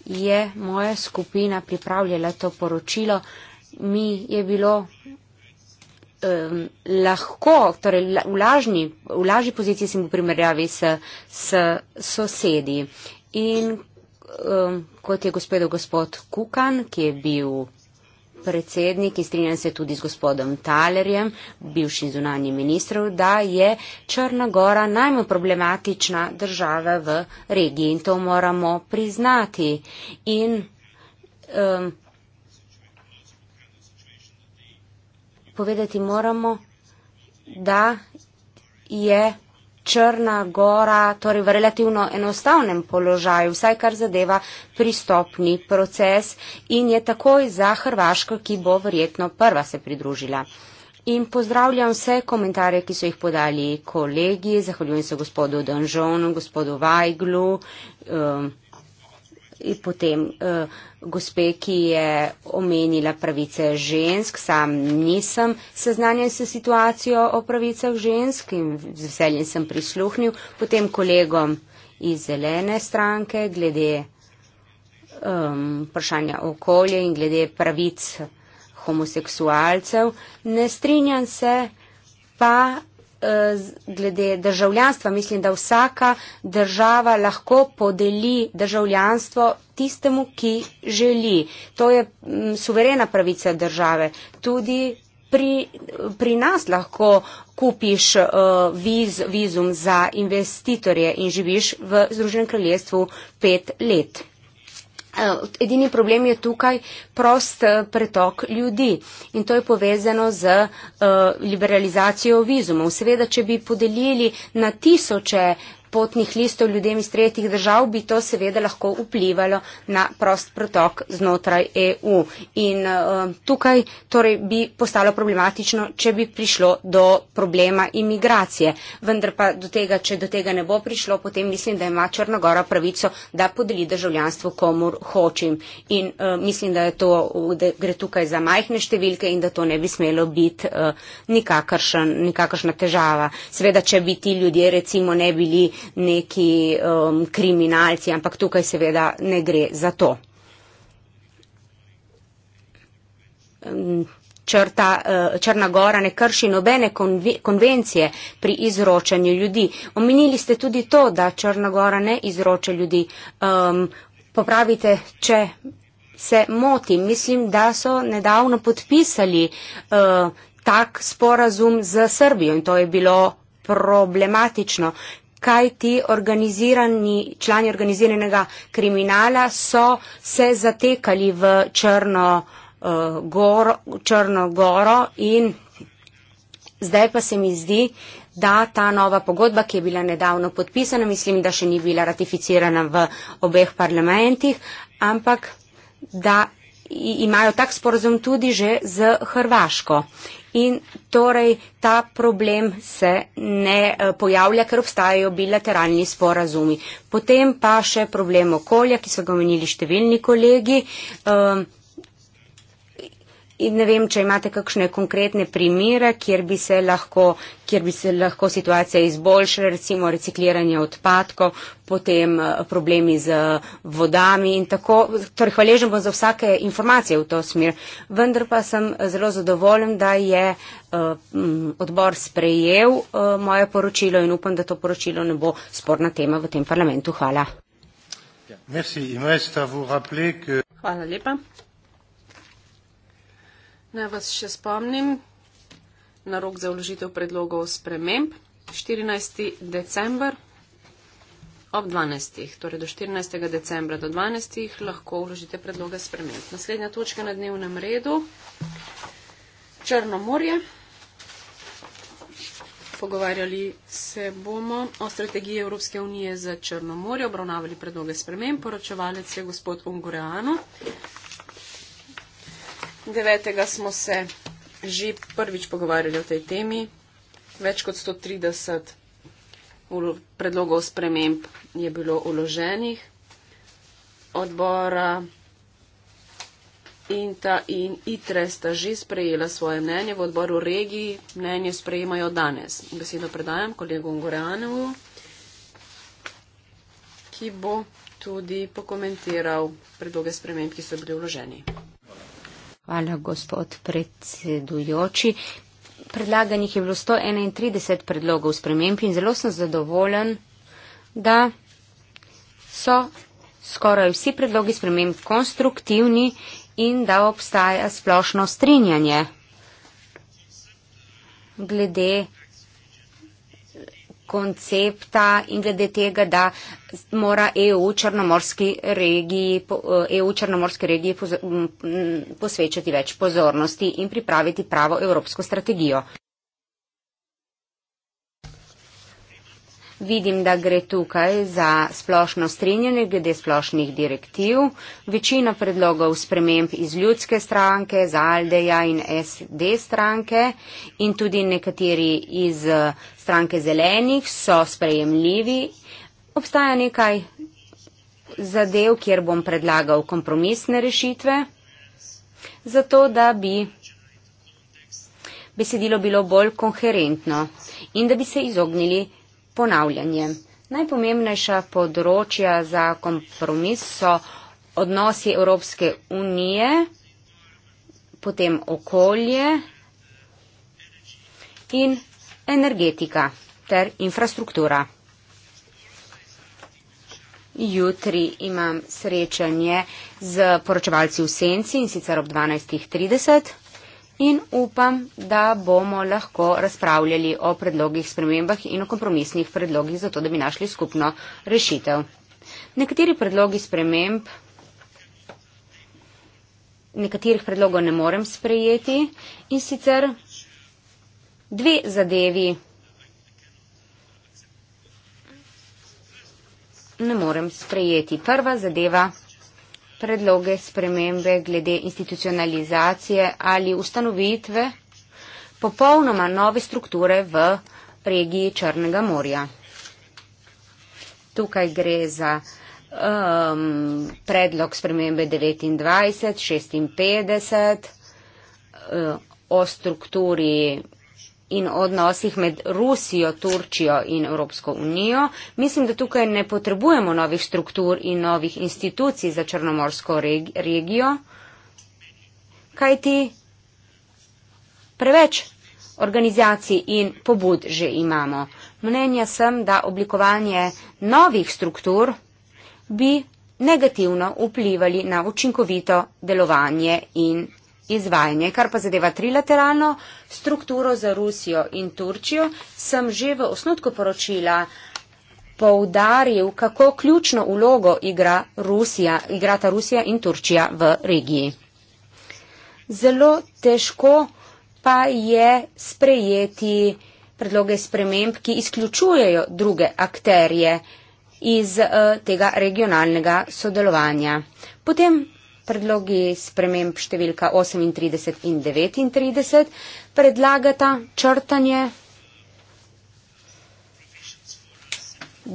je moja skupina pripravljala to poročilo, mi je bilo um, lahko, torej v, lažni, v lažji poziciji sem v primerjavi s, s sosedi. In um, kot je gospod, gospod Kukan, ki je bil predsednik in strinjam se tudi z gospodom Talerjem, bivšim zunanjim ministrom, da je Črna Gora najmanj problematična država v regiji in to moramo priznati. In, um, povedati moramo, da je Črna gora, torej v relativno enostavnem položaju, vsaj kar zadeva pristopni proces in je takoj za Hrvaško, ki bo verjetno prva se pridružila. In pozdravljam vse komentarje, ki so jih podali kolegi, zahvaljujem se gospodu Donžonu, gospodu Vajglu, um, potem uh, gospe, ki je omenila pravice žensk. Sam nisem seznanjen s situacijo o pravicah žensk in z veseljem sem prisluhnil potem kolegom iz zelene stranke glede um, vprašanja okolja in glede pravic homoseksualcev. Ne strinjam se, pa Eh, glede državljanstva. Mislim, da vsaka država lahko podeli državljanstvo tistemu, ki želi. To je m, mm, suverena pravica države. Tudi pri, pri nas lahko kupiš uh, viz, vizum za investitorje in živiš v Združenem kraljestvu pet let. Eh, edini problem je tukaj prost eh, pretok ljudi in to je povezano z eh, liberalizacijo vizumov. Seveda, če bi podelili na tisoče potnih listov ljudem iz tretjih držav, bi to seveda lahko vplivalo na prost protok znotraj EU. In uh, tukaj torej bi postalo problematično, če bi prišlo do problema imigracije. Vendar pa do tega, če do tega ne bo prišlo, potem mislim, da ima Črnagora pravico, da podeli državljanstvo komur hočem. In uh, mislim, da, to, da gre tukaj za majhne številke in da to ne bi smelo biti uh, nikakršen, nikakršna težava. Seveda, če bi ti ljudje recimo ne bili uh, neki um, kriminalci, ampak tukaj seveda ne gre za to. Um, črta, uh, Črna gora ne krši nobene konvencije pri izročanju ljudi. Omenili ste tudi to, da Črna gora ne izroča ljudi. Um, popravite, če se motim, mislim, da so nedavno podpisali uh, tak sporazum z Srbijo in to je bilo problematično kaj ti organizirani, člani organiziranega kriminala so se zatekali v Črno, uh, eh, goro, Črno goro in zdaj pa se mi zdi, da ta nova pogodba, ki je bila nedavno podpisana, mislim, da še ni bila ratificirana v obeh parlamentih, ampak da imajo tak sporozum tudi že z Hrvaško. In torej ta problem se ne eh, pojavlja, ker obstajajo bilateralni sporazumi. Potem pa še problem okolja, ki so ga omenili številni kolegi. Um, In ne vem, če imate kakšne konkretne primere, kjer bi se lahko, kjer bi se lahko situacija izboljšala, recimo recikliranje odpadkov, potem eh, problemi z eh, vodami in tako. Torej, hvaležen bom za vsake informacije v to smer. Vendar pa sem eh, zelo zadovoljen, da je odbor sprejel moje poročilo in upam, da to poročilo ne bo sporna tema v tem parlamentu. Hvala. Hvala lepa. Naj vas še spomnim na rok za vložitev predlogov sprememb 14. december ob 12. Torej do 14. decembra do 12. lahko vložite predloge sprememb. Naslednja točka na dnevnem redu. Črno morje. Pogovarjali se bomo o strategiji Evropske unije za Črno morje, obravnavali predloge sprememb. Poročevalec je gospod Ungureano. 9. smo se že prvič pogovarjali o tej temi. Več kot 130 predlogov sprememb je bilo uloženih. Odbora INTA in ITRE sta že sprejela svoje mnenje. V odboru regiji mnenje sprejemajo danes. Besedo predajam kolegu Ungoreanovu, ki bo tudi pokomentiral predloge sprememb, ki so bili vloženi. Hvala, gospod predsedujoči. Predlaganih je bilo 131 predlogov sprememb in zelo sem zadovoljen, da so skoraj vsi predlogi sprememb konstruktivni in da obstaja splošno strinjanje glede koncepta in glede tega, da mora EU črnomorski regiji, EU eh, e črnomorski regiji posvečati več pozornosti in pripraviti pravo evropsko strategijo. Vidim, da gre tukaj za splošno strinjanje glede splošnih direktiv. Večina predlogov sprememb iz ljudske stranke, za Aldeja in SD stranke in tudi nekateri iz eh, stranke zelenih so sprejemljivi. Obstaja nekaj zadev, kjer bom predlagal kompromisne rešitve, zato da bi besedilo bilo bolj koherentno in da bi se izognili ponavljanje. Najpomembnejša področja za kompromis so odnosi Evropske unije, potem okolje in energetika ter infrastruktura. Jutri imam srečanje z poročevalci v Senci in sicer ob 12.30 in upam, da bomo lahko razpravljali o predlogih spremembah in o kompromisnih predlogih, zato da bi našli skupno rešitev. Nekateri predlogi sprememb, nekaterih predlogov ne morem sprejeti in sicer dve zadevi ne morem sprejeti. Prva zadeva predloge spremembe glede institucionalizacije ali ustanovitve popolnoma nove strukture v regiji Črnega morja. Tukaj gre za um, predlog spremembe 29, 56 uh, o strukturi in o odnosih med Rusijo, Turčijo in Evropsko unijo. Mislim, da tukaj ne potrebujemo novih struktur in novih institucij za Črnomorsko reg regijo, kaj ti preveč organizacij in pobud že imamo. Mnenja sem, da oblikovanje novih struktur bi negativno vplivali na učinkovito delovanje in izvajanje. Kar pa zadeva trilateralno strukturo za Rusijo in Turčijo, sem že v osnutku poročila poudaril, kako ključno ulogo igra Rusija, igrata Rusija in Turčija v regiji. Zelo težko pa je sprejeti predloge sprememb, ki izključujejo druge akterje iz uh, tega regionalnega sodelovanja. Potem predlogi sprememb številka 38 in 39 predlagata črtanje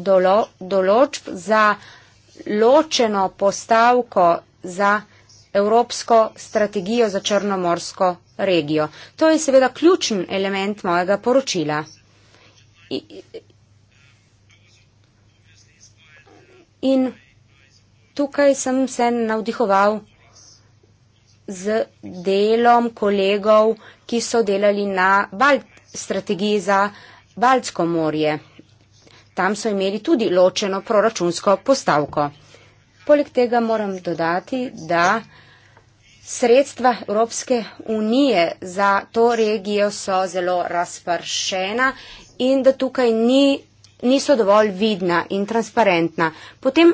dolo, določb za ločeno postavko za Evropsko strategijo za Črnomorsko regijo. To je seveda ključen element mojega poročila. In tukaj sem se navdihoval z delom kolegov, ki so delali na Balt, strategiji za Baltsko morje. Tam so imeli tudi ločeno proračunsko postavko. Poleg tega moram dodati, da sredstva Evropske unije za to regijo so zelo razpršena in da tukaj ni, niso dovolj vidna in transparentna. Potem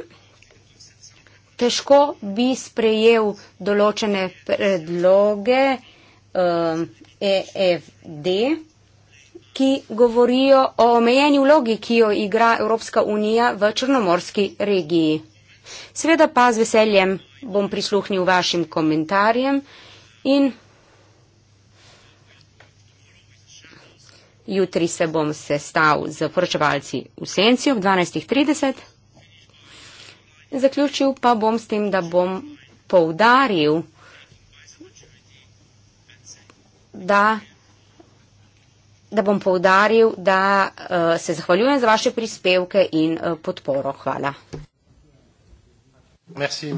težko bi sprejel določene predloge um, EFD, ki govorijo o omejeni vlogi, ki jo igra Evropska unija v Črnomorski regiji. Sveda pa z veseljem bom prisluhnil vašim komentarjem in jutri se bom sestal z poročevalci v Senci ob 12.30. Zaključil pa bom s tem, da bom poudaril, da, da bom poudaril, da uh, se zahvaljujem za vaše prispevke in uh, podporo. Hvala. Merci,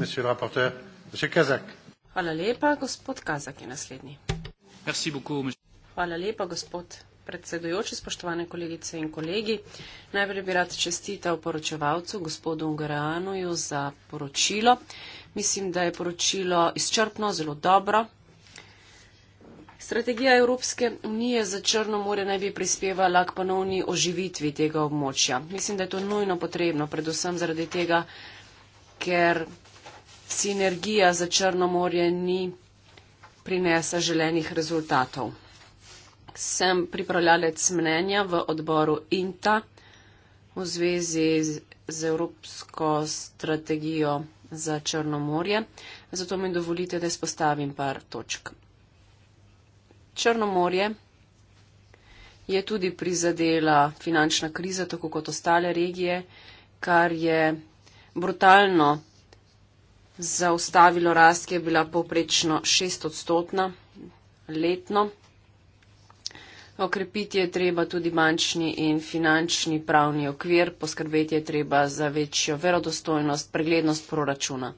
Hvala lepa, gospod Kazak je naslednji. Merci beaucoup, Hvala lepa, gospod predsedujoči, spoštovane kolegice in kolegi. Najprej bi rad čestital poročevalcu, gospodu Ungaranuju, za poročilo. Mislim, da je poročilo izčrpno, zelo dobro. Strategija Evropske unije za Črno more naj bi prispevala k ponovni oživitvi tega območja. Mislim, da je to nujno potrebno, predvsem zaradi tega, ker sinergija za Črno morje ni prinesa želenih rezultatov sem pripravljalec mnenja v odboru INTA v zvezi z, z Evropsko strategijo za Črnomorje. Zato mi dovolite, da spostavim par točk. Črnomorje je tudi prizadela finančna kriza, tako kot ostale regije, kar je brutalno zaustavilo rast, ki je bila poprečno 6 odstotna letno. Okrepiti je treba tudi bančni in finančni pravni okvir, poskrbeti je treba za večjo verodostojnost, preglednost proračuna.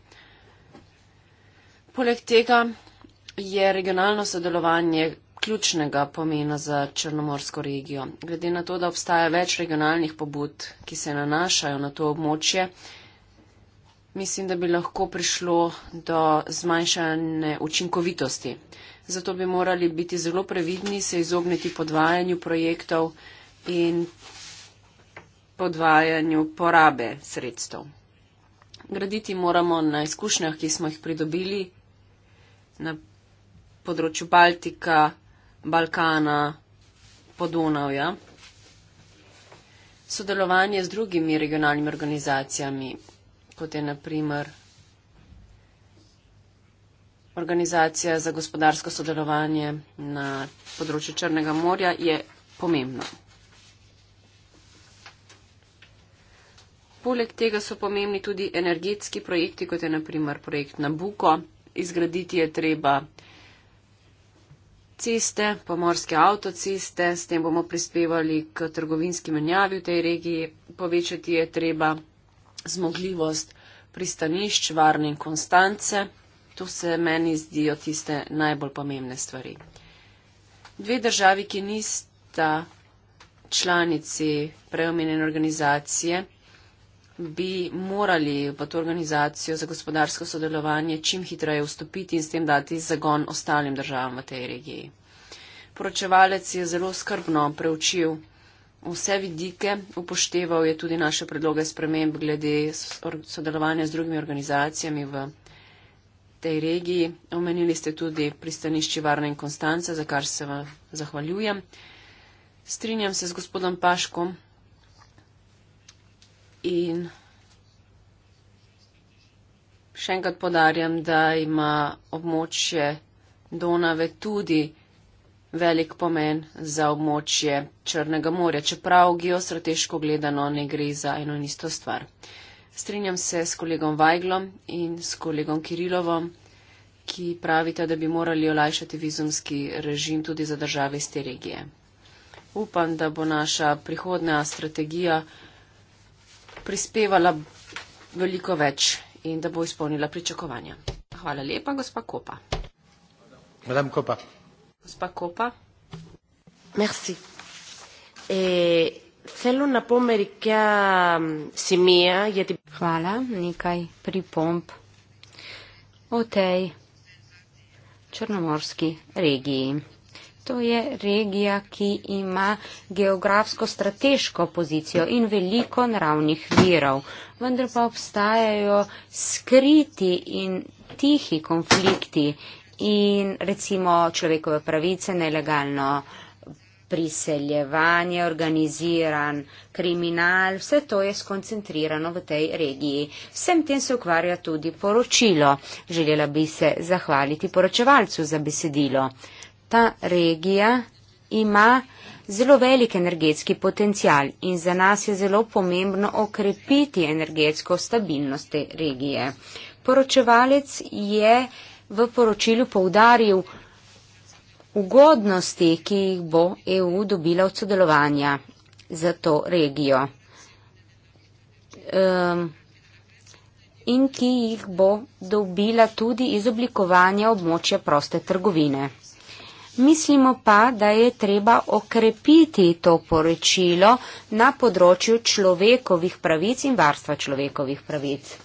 Poleg tega je regionalno sodelovanje ključnega pomena za Črnomorsko regijo. Glede na to, da obstaja več regionalnih pobud, ki se nanašajo na to območje, mislim, da bi lahko prišlo do zmanjšane učinkovitosti. Zato bi morali biti zelo previdni, se izogniti podvajanju projektov in podvajanju porabe sredstev. Graditi moramo na izkušnjah, ki smo jih pridobili na področju Baltika, Balkana, Podonavja. Sodelovanje z drugimi regionalnimi organizacijami, kot je naprimer organizacija za gospodarsko sodelovanje na področju Črnega morja, je pomembno. Poleg tega so pomembni tudi energetski projekti, kot je naprimer projekt Nabuko. Izgraditi je treba ceste, pomorske avtoceste, s tem bomo prispevali k trgovinski menjavi v tej regiji. Povečati je treba zmogljivost pristanišč, varne in konstance. To se meni zdijo tiste najbolj pomembne stvari. Dve državi, ki nista članici preomenjene organizacije, bi morali v to organizacijo za gospodarsko sodelovanje čim hitreje vstopiti in s tem dati zagon ostalim državam v tej regiji. Poročevalec je zelo skrbno preučil vse vidike, upošteval je tudi naše predloge sprememb glede sodelovanja z drugimi organizacijami v tej regiji. Omenili ste tudi pristanišči Varna in Konstanca, za kar se vam zahvaljujem. Strinjam se z gospodom Paškom in še enkrat podarjam, da ima območje Donave tudi velik pomen za območje Črnega morja, čeprav geostrateško gledano ne gre za eno in isto stvar. Strinjam se s kolegom Vajglom in s kolegom Kirilovom, ki pravite, da bi morali olajšati vizumski režim tudi za države iz te regije. Upam, da bo naša prihodna strategija prispevala veliko več in da bo izpolnila pričakovanja. Hvala lepa, gospa Kopa. Madame Kopa. Gospa Kopa. Merci. E, celo napomer, ki je simija, je ti. Hvala, nekaj pripomp o tej črnomorski regiji. To je regija, ki ima geografsko-strateško pozicijo in veliko naravnih virov, vendar pa obstajajo skriti in tihi konflikti in recimo človekove pravice, nelegalno priseljevanje, organiziran kriminal, vse to je skoncentrirano v tej regiji. Vsem tem se ukvarja tudi poročilo. Želela bi se zahvaliti poročevalcu za besedilo. Ta regija ima zelo velik energetski potencial in za nas je zelo pomembno okrepiti energetsko stabilnost te regije. Poročevalec je v poročilju povdaril ugodnosti, ki jih bo EU dobila od sodelovanja za to regijo um, in ki jih bo dobila tudi iz oblikovanja območja proste trgovine. Mislimo pa, da je treba okrepiti to poročilo na področju človekovih pravic in varstva človekovih pravic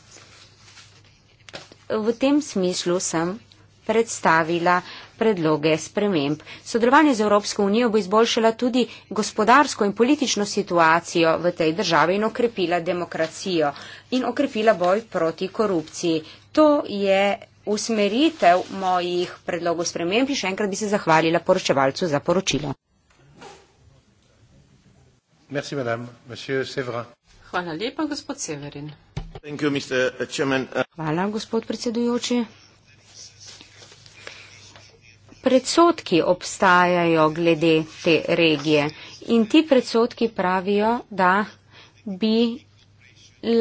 v tem smislu sem predstavila predloge sprememb. Sodelovanje z Evropsko unijo bo izboljšala tudi gospodarsko in politično situacijo v tej državi in okrepila demokracijo in okrepila boj proti korupciji. To je usmeritev mojih predlogov sprememb in še enkrat bi se zahvalila poročevalcu za poročilo. Merci, Hvala lepa, gospod Severin. Thank you, Mr. Uh, chairman. Uh, Hvala, gospod predsedujoči. Predsotki obstajajo glede te regije in ti predsotki pravijo, da bi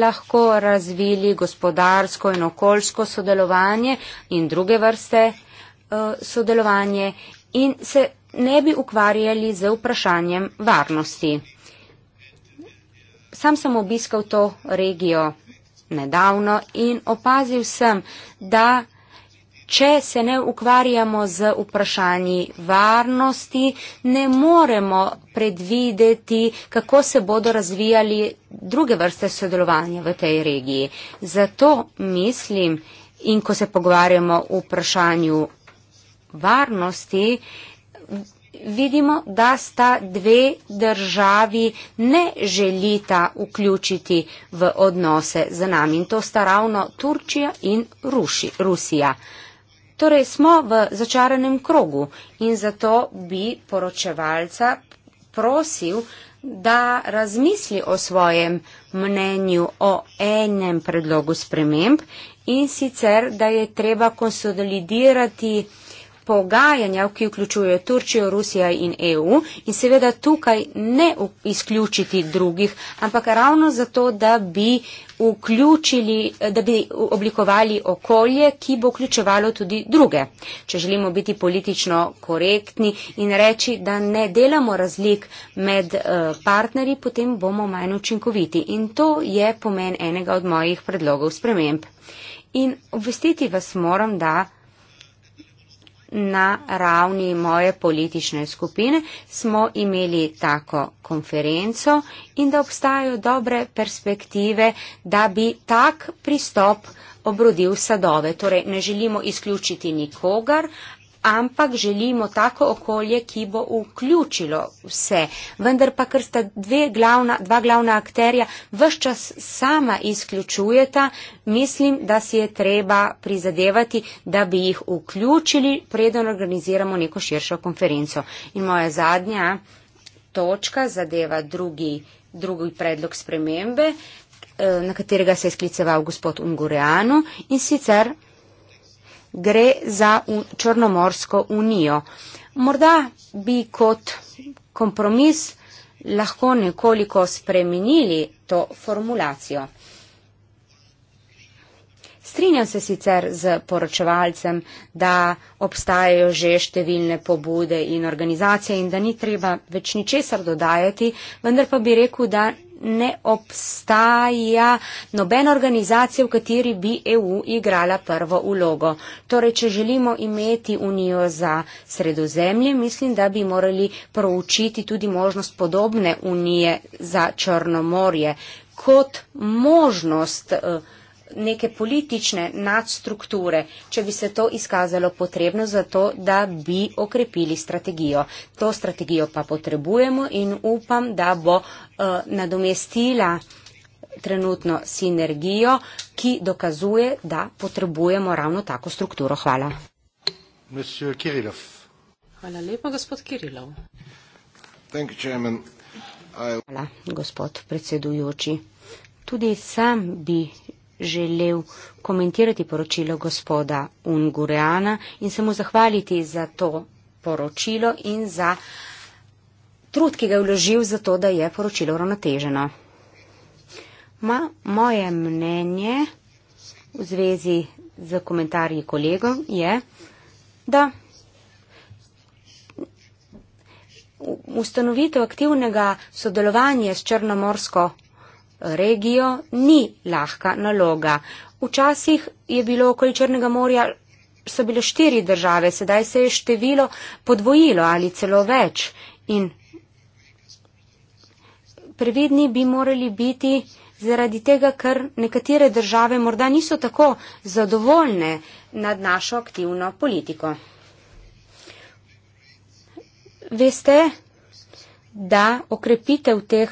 lahko razvili gospodarsko in okoljsko sodelovanje in druge vrste uh, sodelovanje in se ne bi ukvarjali z vprašanjem varnosti. Sam sem obiskal to regijo nedavno in opazil sem, da če se ne ukvarjamo z vprašanji varnosti, ne moremo predvideti, kako se bodo razvijali druge vrste sodelovanja v tej regiji. Zato mislim in ko se pogovarjamo o vprašanju varnosti, vidimo, da sta dve državi ne želita vključiti v odnose z nami in to sta ravno Turčija in Ruši, Rusija. Torej smo v začaranem krogu in zato bi poročevalca prosil, da razmisli o svojem mnenju o enem predlogu sprememb in sicer, da je treba konsolidirati pogajanja, ki vključujejo Turčijo, Rusija in EU in seveda tukaj ne izključiti drugih, ampak ravno zato, da bi vključili, da bi oblikovali okolje, ki bo vključevalo tudi druge. Če želimo biti politično korektni in reči, da ne delamo razlik med eh, partnerji, potem bomo manj učinkoviti. In to je pomen enega od mojih predlogov sprememb. In obvestiti vas moram, da na ravni moje politične skupine smo imeli tako konferenco in da obstajajo dobre perspektive, da bi tak pristop obrodil sadove. Torej, ne želimo izključiti nikogar, ampak želimo tako okolje, ki bo vključilo vse. Vendar pa, ker sta glavna, dva glavna akterja vse čas sama izključujeta, mislim, da si je treba prizadevati, da bi jih vključili, preden organiziramo neko širšo konferenco. In moja zadnja točka zadeva drugi, drugi predlog spremembe, eh, na katerega se je skliceval gospod Ungureanu in sicer gre za Črnomorsko unijo. Morda bi kot kompromis lahko nekoliko spremenili to formulacijo. Strinjam se sicer z poročevalcem, da obstajajo že številne pobude in organizacije in da ni treba več ničesar dodajati, vendar pa bi rekel, da ne obstaja nobena organizacija, v kateri bi EU igrala prvo ulogo. Torej, če želimo imeti unijo za sredozemlje, mislim, da bi morali proučiti tudi možnost podobne unije za Črno morje kot možnost uh, neke politične nadstrukture, če bi se to izkazalo potrebno za to, da bi okrepili strategijo. To strategijo pa potrebujemo in upam, da bo uh, nadomestila trenutno sinergijo, ki dokazuje, da potrebujemo ravno tako strukturo. Hvala. Hvala lepa, gospod Kirilov. Hvala, gospod predsedujoči. Tudi sam bi želel komentirati poročilo gospoda Ungureana in se mu zahvaliti za to poročilo in za trud, ki ga je vložil za to, da je poročilo uravnoteženo. Ma, moje mnenje v zvezi z komentarji kolegov je, da ustanovitev aktivnega sodelovanja s Črnomorsko regijo ni lahka naloga. Včasih je bilo okoli Črnega morja so bile štiri države, sedaj se je število podvojilo ali celo več. In previdni bi morali biti zaradi tega, ker nekatere države morda niso tako zadovoljne nad našo aktivno politiko. Veste, da okrepitev teh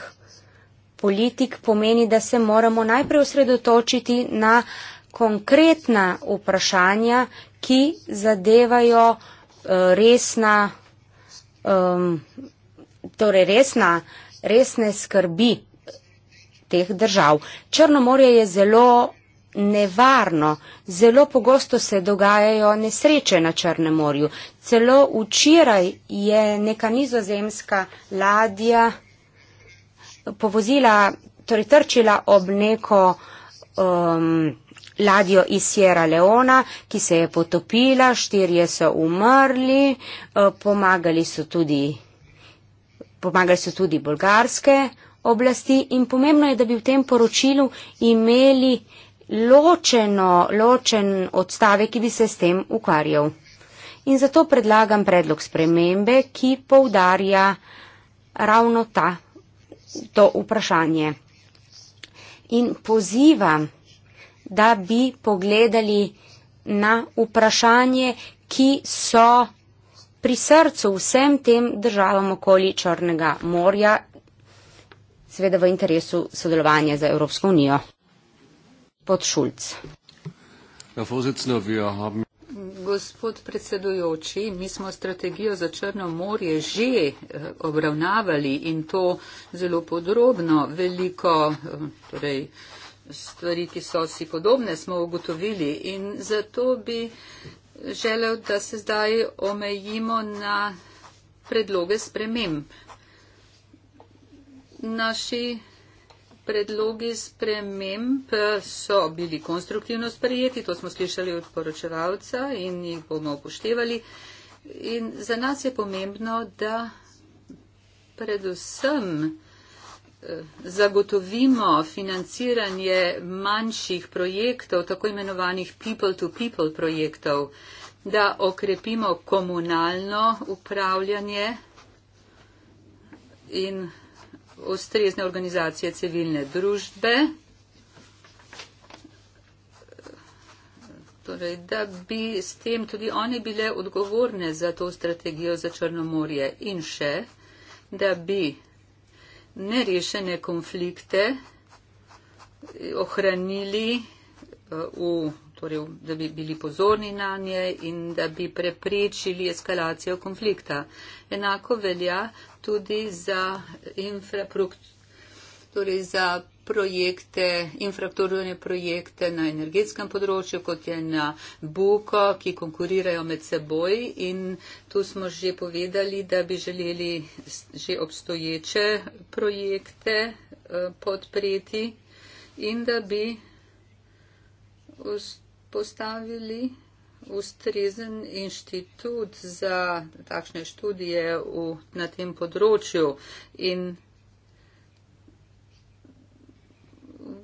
politik pomeni, da se moramo najprej osredotočiti na konkretna vprašanja, ki zadevajo eh, resna, um, torej resna, resne skrbi teh držav. Črnomorje je zelo nevarno, zelo pogosto se dogajajo nesreče na Črnem morju. Celo včeraj je neka nizozemska ladja povozila, torej trčila ob neko um, ladjo iz Sierra Leona, ki se je potopila, štirje so umrli, uh, pomagali, so tudi, pomagali so tudi bolgarske oblasti in pomembno je, da bi v tem poročilu imeli ločeno, ločen odstave, ki bi se s tem ukvarjal. In zato predlagam predlog spremembe, ki poudarja ravno ta to vprašanje. In pozivam, da bi pogledali na vprašanje, ki so pri srcu vsem tem državam okoli Črnega morja, seveda v interesu sodelovanja za Evropsko unijo. Pod Šulc. Herr Vorsitzender, wir haben gospod predsedujoči, mi smo strategijo za Črno morje že eh, obravnavali in to zelo podrobno. Veliko eh, torej, stvari, ki so si podobne, smo ugotovili in zato bi želel, da se zdaj omejimo na predloge spremem. Naši Predlogi sprememb eh, so bili konstruktivno sprejeti, to smo slišali od poročevalca in jih bomo upoštevali. In za nas je pomembno, da predvsem eh, zagotovimo financiranje manjših projektov, tako imenovanih people-to-people -people projektov, da okrepimo komunalno upravljanje in ustrezne organizacije civilne družbe, torej, da bi s tem tudi one bile odgovorne za to strategijo za Črnomorje in še, da bi nerešene konflikte eh, ohranili eh, v. Torej, da bi bili pozorni na nje in da bi preprečili eskalacijo konflikta. Enako velja tudi za, torej za projekte, infrastrukturne projekte na energetskem področju, kot je na Buko, ki konkurirajo med seboj. In tu smo že povedali, da bi želeli že obstoječe projekte eh, podpreti in da bi postavili ustrezen inštitut za takšne študije v, na tem področju in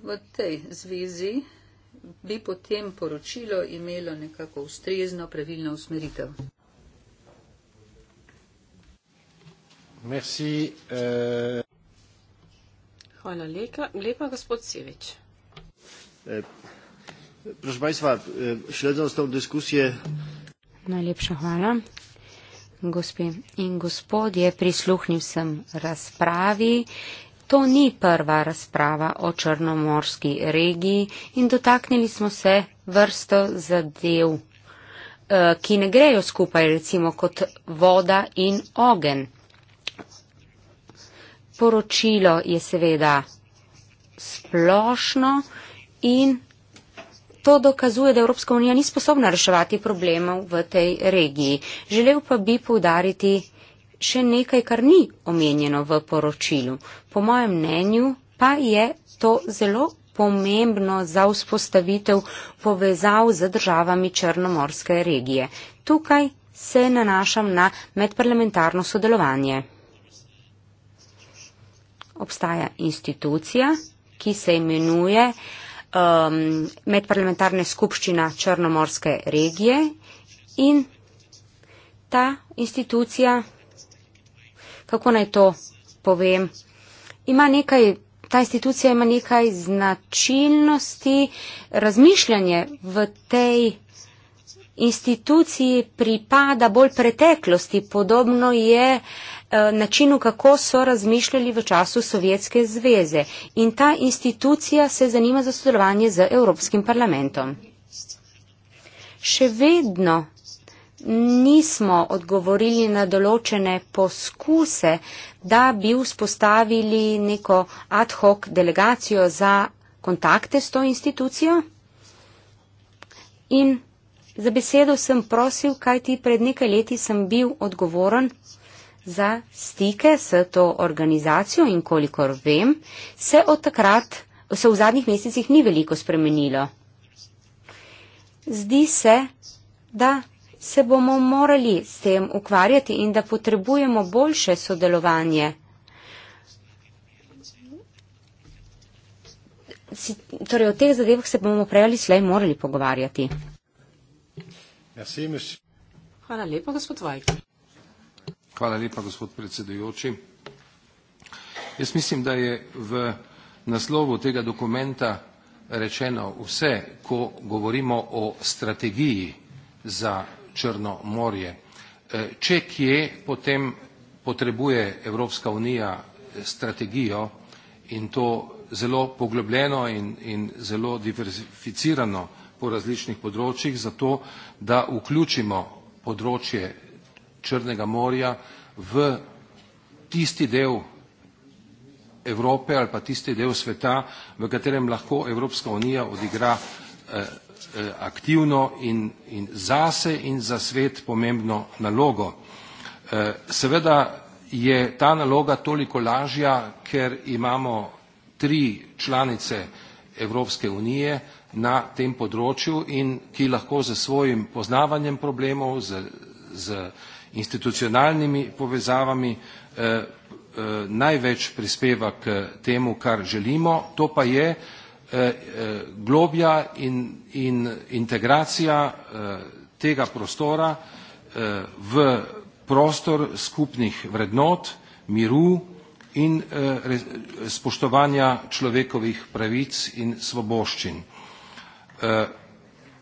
v tej zvezi bi potem poročilo imelo nekako ustrezno pravilno usmeritev. Merci, uh... Hvala lepa, lepa gospod Sevič. Uh... Proszę Państwa, e, śledząc tą dyskusję. Najlepsza chwała. Gospi in gospodje, prisluhnil sem razpravi. To ni prva razprava o črnomorski regiji in dotaknili smo se vrsto zadev, e, ki ne grejo skupaj, recimo kot voda in ogen. Poročilo je seveda splošno in to dokazuje, da Evropska unija ni sposobna reševati problemov v tej regiji. Želel pa bi povdariti še nekaj, kar ni omenjeno v poročilu. Po mojem mnenju pa je to zelo pomembno za vzpostavitev povezav z državami Črnomorske regije. Tukaj se nanašam na medparlamentarno sodelovanje. Obstaja institucija, ki se imenuje uh, um, medparlamentarne skupščina Črnomorske regije in ta institucija, kako naj to povem, ima nekaj, ta institucija ima nekaj značilnosti, razmišljanje v tej instituciji pripada bolj preteklosti, podobno je uh, Eh, načinu, kako so razmišljali v času Sovjetske zveze. In ta institucija se zanima za sodelovanje z Evropskim parlamentom. Še vedno nismo odgovorili na določene poskuse, da bi vzpostavili neko ad hoc delegacijo za kontakte s to institucijo. In za besedo sem prosil, kajti pred nekaj leti sem bil odgovoren za stike s to organizacijo in kolikor vem, se od takrat, se v zadnjih mesecih ni veliko spremenilo. Zdi se, da se bomo morali s tem ukvarjati in da potrebujemo boljše sodelovanje. Si, torej o teh zadevah se bomo prej ali slej morali pogovarjati. Hvala lepa, gospod Vajk. Hvala lepa, gospod predsedujoči. Jaz mislim, da je v naslovu tega dokumenta rečeno vse, ko govorimo o strategiji za Črno morje. E, če kje, potem potrebuje Evropska unija strategijo in to zelo poglobljeno in, in zelo diverzificirano po različnih področjih, zato da vključimo področje Črnega morja v tisti del Evrope ali pa tisti del sveta, v katerem lahko Evropska unija odigra eh, eh, aktivno in, in zase in za svet pomembno nalogo. Eh, seveda je ta naloga toliko lažja, ker imamo tri članice Evropske unije na tem področju in ki lahko z svojim poznavanjem problemov, z, z institucionalnimi povezavami eh, eh, največ prispeva k temu, kar želimo, to pa je eh, globja in, in integracija tega prostora v prostor skupnih vrednot, miru in spoštovanja človekovih pravic in svoboščin.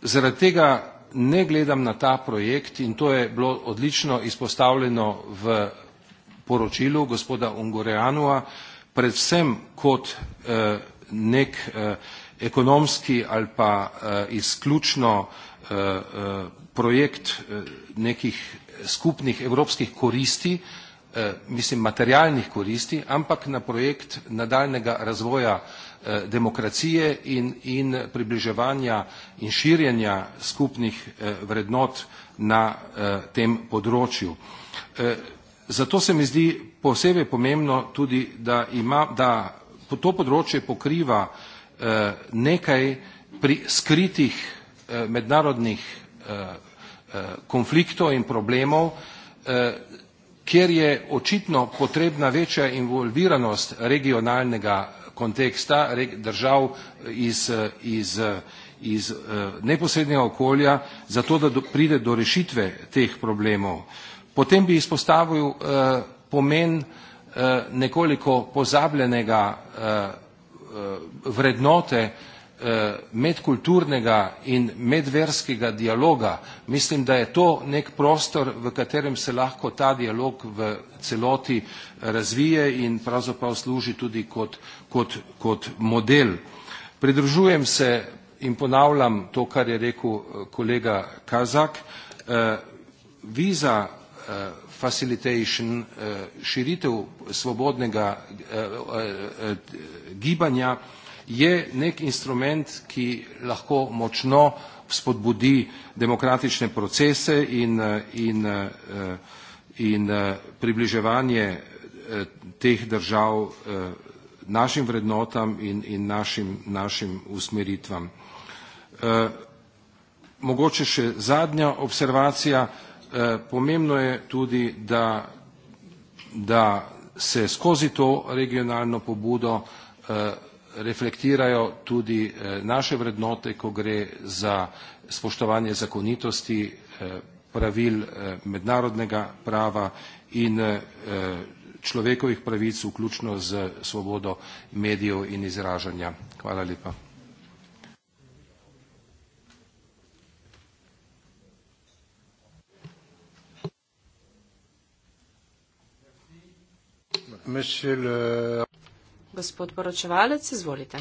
Zaradi tega ne gledam na ta projekt in to je bilo odlično izpostavljeno v poročilu gospoda Ungureanua predvsem kot eh, nek eh, ekonomski ali pa eh, izključno eh, eh projekt eh, nekih skupnih evropskih koristi, eh, mislim materialnih koristi, ampak na projekt nadaljnega razvoja eh, Eh, demokracije in, in približevanja in širjenja skupnih eh, vrednot na eh, tem področju. Zato se mi zdi posebej pomembno tudi, da, ima, da to področje pokriva nekaj pri skritih mednarodnih konfliktov in problemov, kjer je očitno potrebna večja involviranost regionalnega konteksta držav eh, iz, eh, iz, eh, iz neposrednega okolja, zato da do, pride do rešitve teh problemov. Potem bi izpostavil eh, pomen eh, nekoliko pozabljenega eh, vrednote eh, medkulturnega in medverskega dialoga. Mislim, da je to nek prostor, v katerem se lahko ta dialog v celoti razvije in pravzaprav služi tudi kot eh, kot, kot model. Pridružujem se in ponavljam to, kar je rekel eh, kolega Kazak. Eh, viza eh, facilitation, širitev svobodnega gibanja je nek instrument, ki lahko močno spodbudi demokratične procese in, in, in približevanje teh držav našim vrednotam in, in našim, našim usmeritvam. E, mogoče še zadnja observacija, e, pomembno je tudi, da, da se skozi to regionalno pobudo e, reflektirajo tudi e, naše vrednote, ko gre za spoštovanje zakonitosti, e, pravil e, mednarodnega prava in e, človekovih pravic, vključno z svobodo medijev in izražanja. Hvala lepa. Gospod poročevalec, izvolite.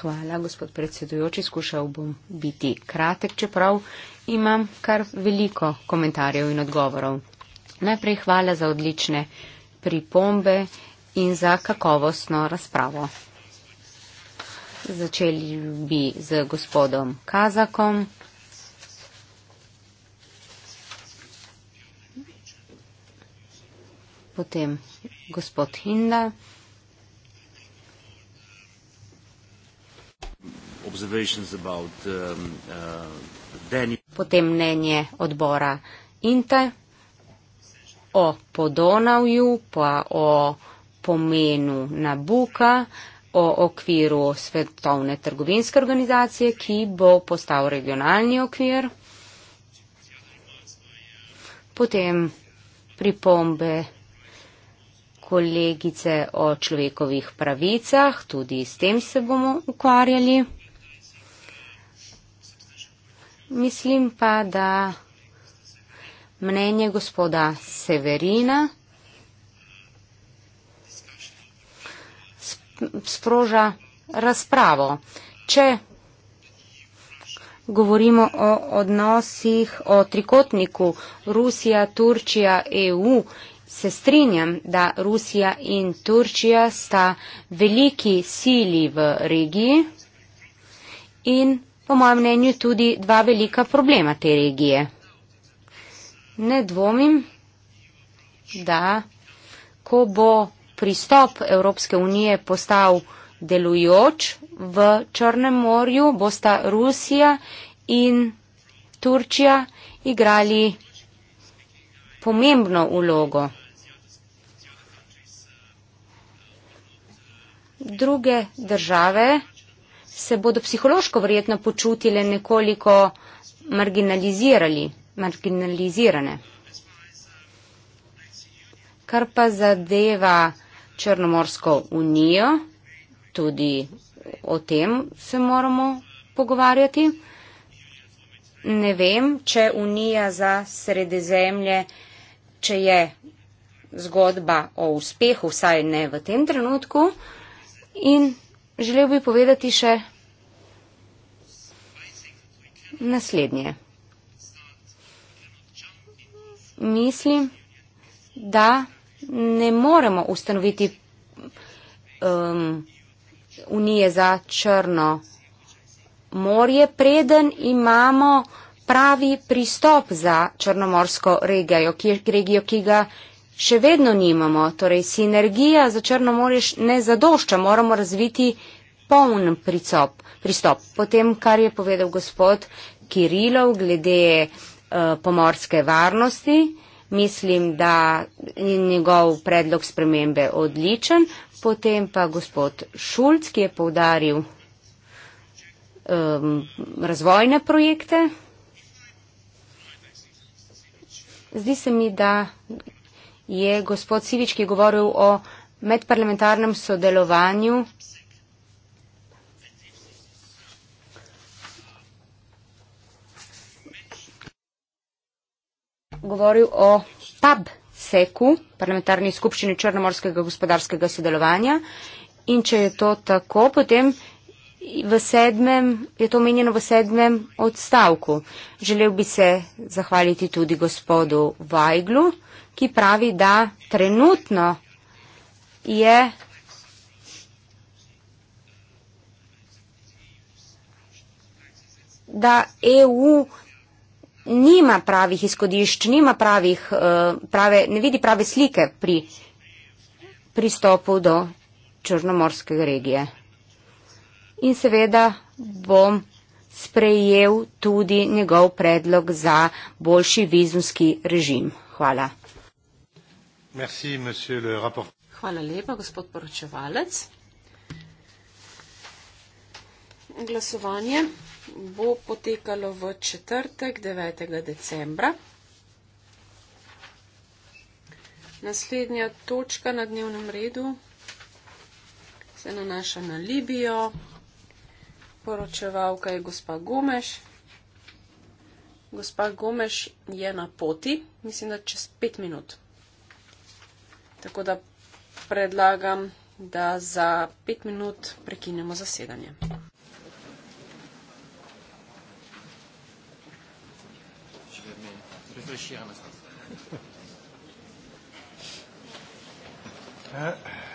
Hvala, gospod predsedujoči. Skušal bom biti kratek, čeprav imam kar veliko komentarjev in odgovorov. Najprej hvala za odlične pripombe in za kakovostno razpravo. Začeli bi z gospodom Kazakom. Potem gospod Hinda. Observations about um, uh, Danny potem mnenje odbora INTE o Podonavju, pa o pomenu Nabuka, o okviru Svetovne trgovinske organizacije, ki bo postal regionalni okvir, potem pripombe kolegice o človekovih pravicah, tudi s tem se bomo ukvarjali. Mislim pa, da mnenje gospoda Severina sproža razpravo. Če govorimo o odnosih, o trikotniku Rusija, Turčija, EU, se strinjam, da Rusija in Turčija sta veliki sili v regiji in po mojem mnenju, tudi dva velika problema te regije. Ne dvomim, da ko bo pristop Evropske unije postal delujoč v Črnem morju, bosta Rusija in Turčija igrali pomembno ulogo. Druge države se bodo psihološko verjetno počutile nekoliko marginalizirali, marginalizirane. Kar pa zadeva Črnomorsko unijo, tudi o tem se moramo pogovarjati. Ne vem, če Unija za sredezemlje, če je zgodba o uspehu, vsaj ne v tem trenutku. In želel bi povedati še naslednje. Mislim, da ne moremo ustanoviti um, unije za Črno morje, preden imamo pravi pristop za Črnomorsko regijo, ki, regijo, ki ga še vedno nimamo. Torej, sinergija za Črno morje ne zadošča, moramo razviti poln pricop, pristop. Potem, kar je povedal gospod Kirilov glede uh, pomorske varnosti, mislim, da je njegov predlog spremembe odličen. Potem pa gospod Šulc, ki je povdaril um, ehm, razvojne projekte. Zdi se mi, da je gospod Sivič, ki je govoril o medparlamentarnem sodelovanju. Govoril o PAB seku, parlamentarni skupščini Črnomorskega gospodarskega sodelovanja. In če je to tako, potem v sedmem, je to omenjeno v sedmem odstavku. Želel bi se zahvaliti tudi gospodu Vajglu ki pravi, da trenutno je da EU nima pravih izhodišč, nima pravih, eh, prave, ne vidi prave slike pri pristopu do Črnomorske regije. In seveda bom sprejel tudi njegov predlog za boljši vizumski režim. Hvala. Merci, monsieur le rapport. Hvala lepa, gospod poročevalec. Glasovanje bo potekalo v četrtek 9. decembra. Naslednja točka na dnevnem redu se nanaša na Libijo. Poročevalka je gospa Gomeš. Gospa Gomeš je na poti, mislim, da čez pet minut. Tako da predlagam, da za pet minut prekinemo zasedanje. Uh.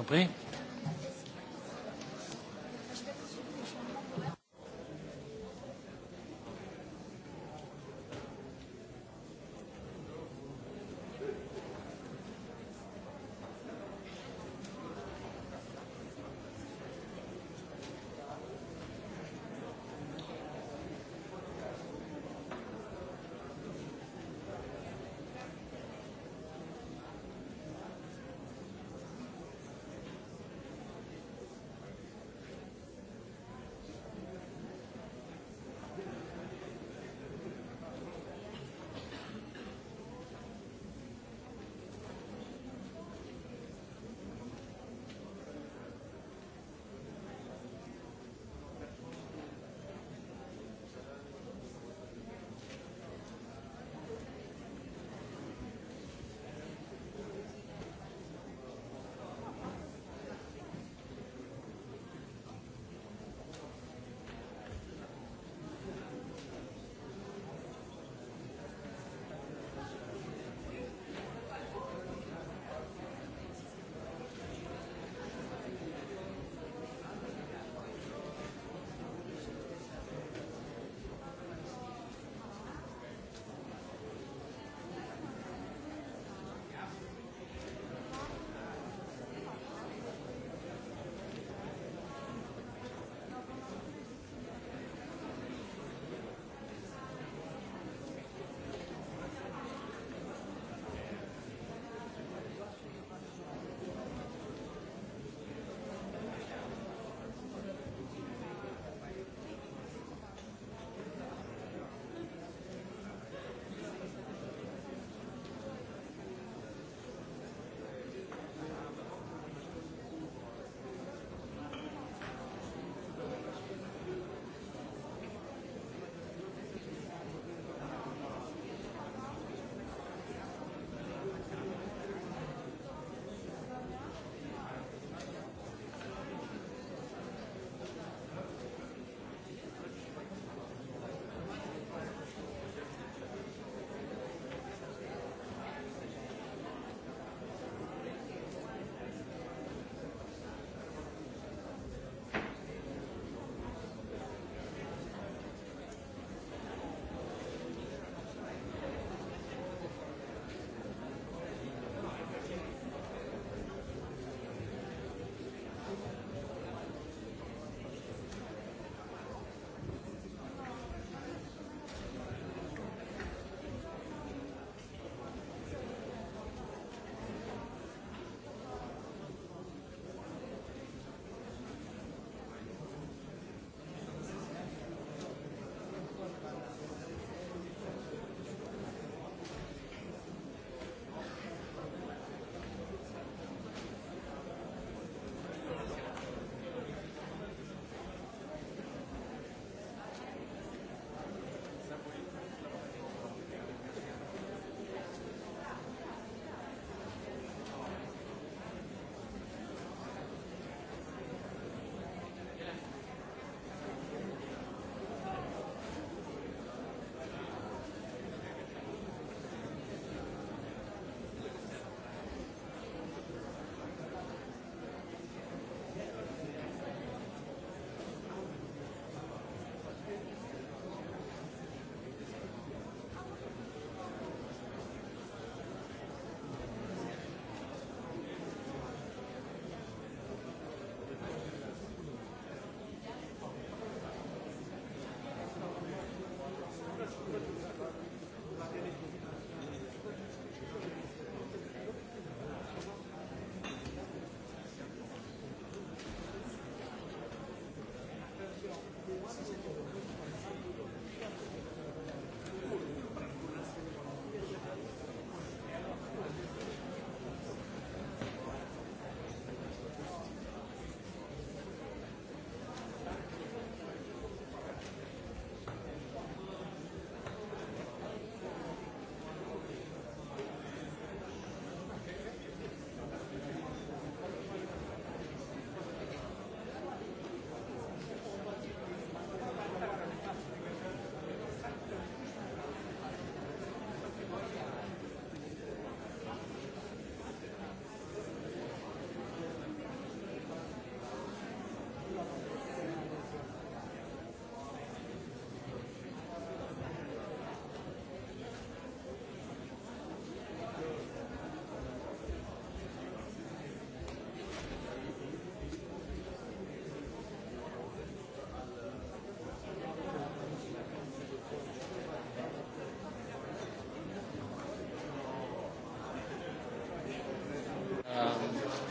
Dobro.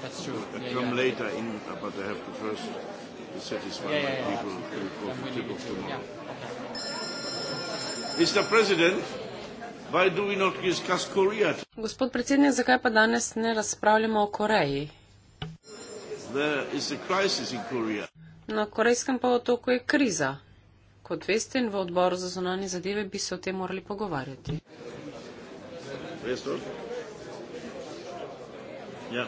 That's true. They yeah, come yeah. later in, uh, but they have to first satisfy yeah, my yeah, people yeah. before the trip of tomorrow. Yeah. Okay. Mr. President, why do we not discuss Korea? Gospod predsednik, zakaj pa danes ne razpravljamo o Koreji? There is a crisis in Korea. Na korejskem polotoku je kriza. Kot veste, in v odboru za zunanje zadeve bi se o tem morali pogovarjati. Yes,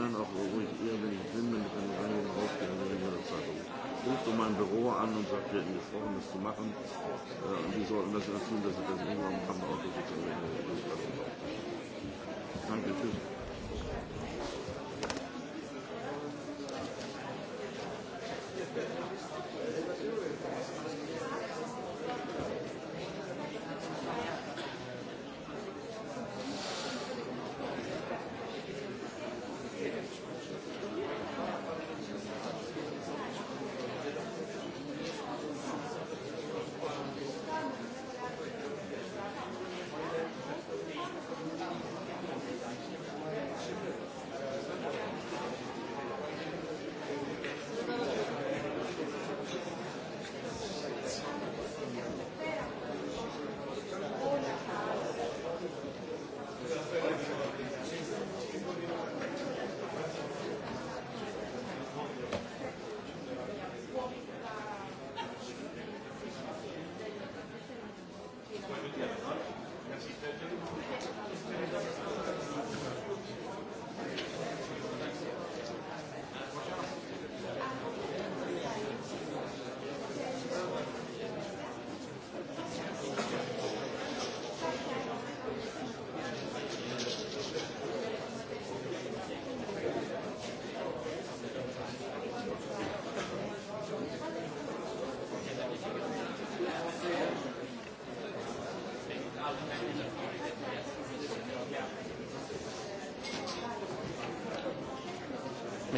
anderen auch ruhig eher, wenn ich bin, wenn ich dann rein und rausgehe, dann bin ich der Zeitung. Rufst du mein Büro an und sagst, wir hätten gesprochen, das zu machen. Äh, und die sollten das erst tun, dass ich das irgendwann kann, aber auch das ist Danke, tschüss.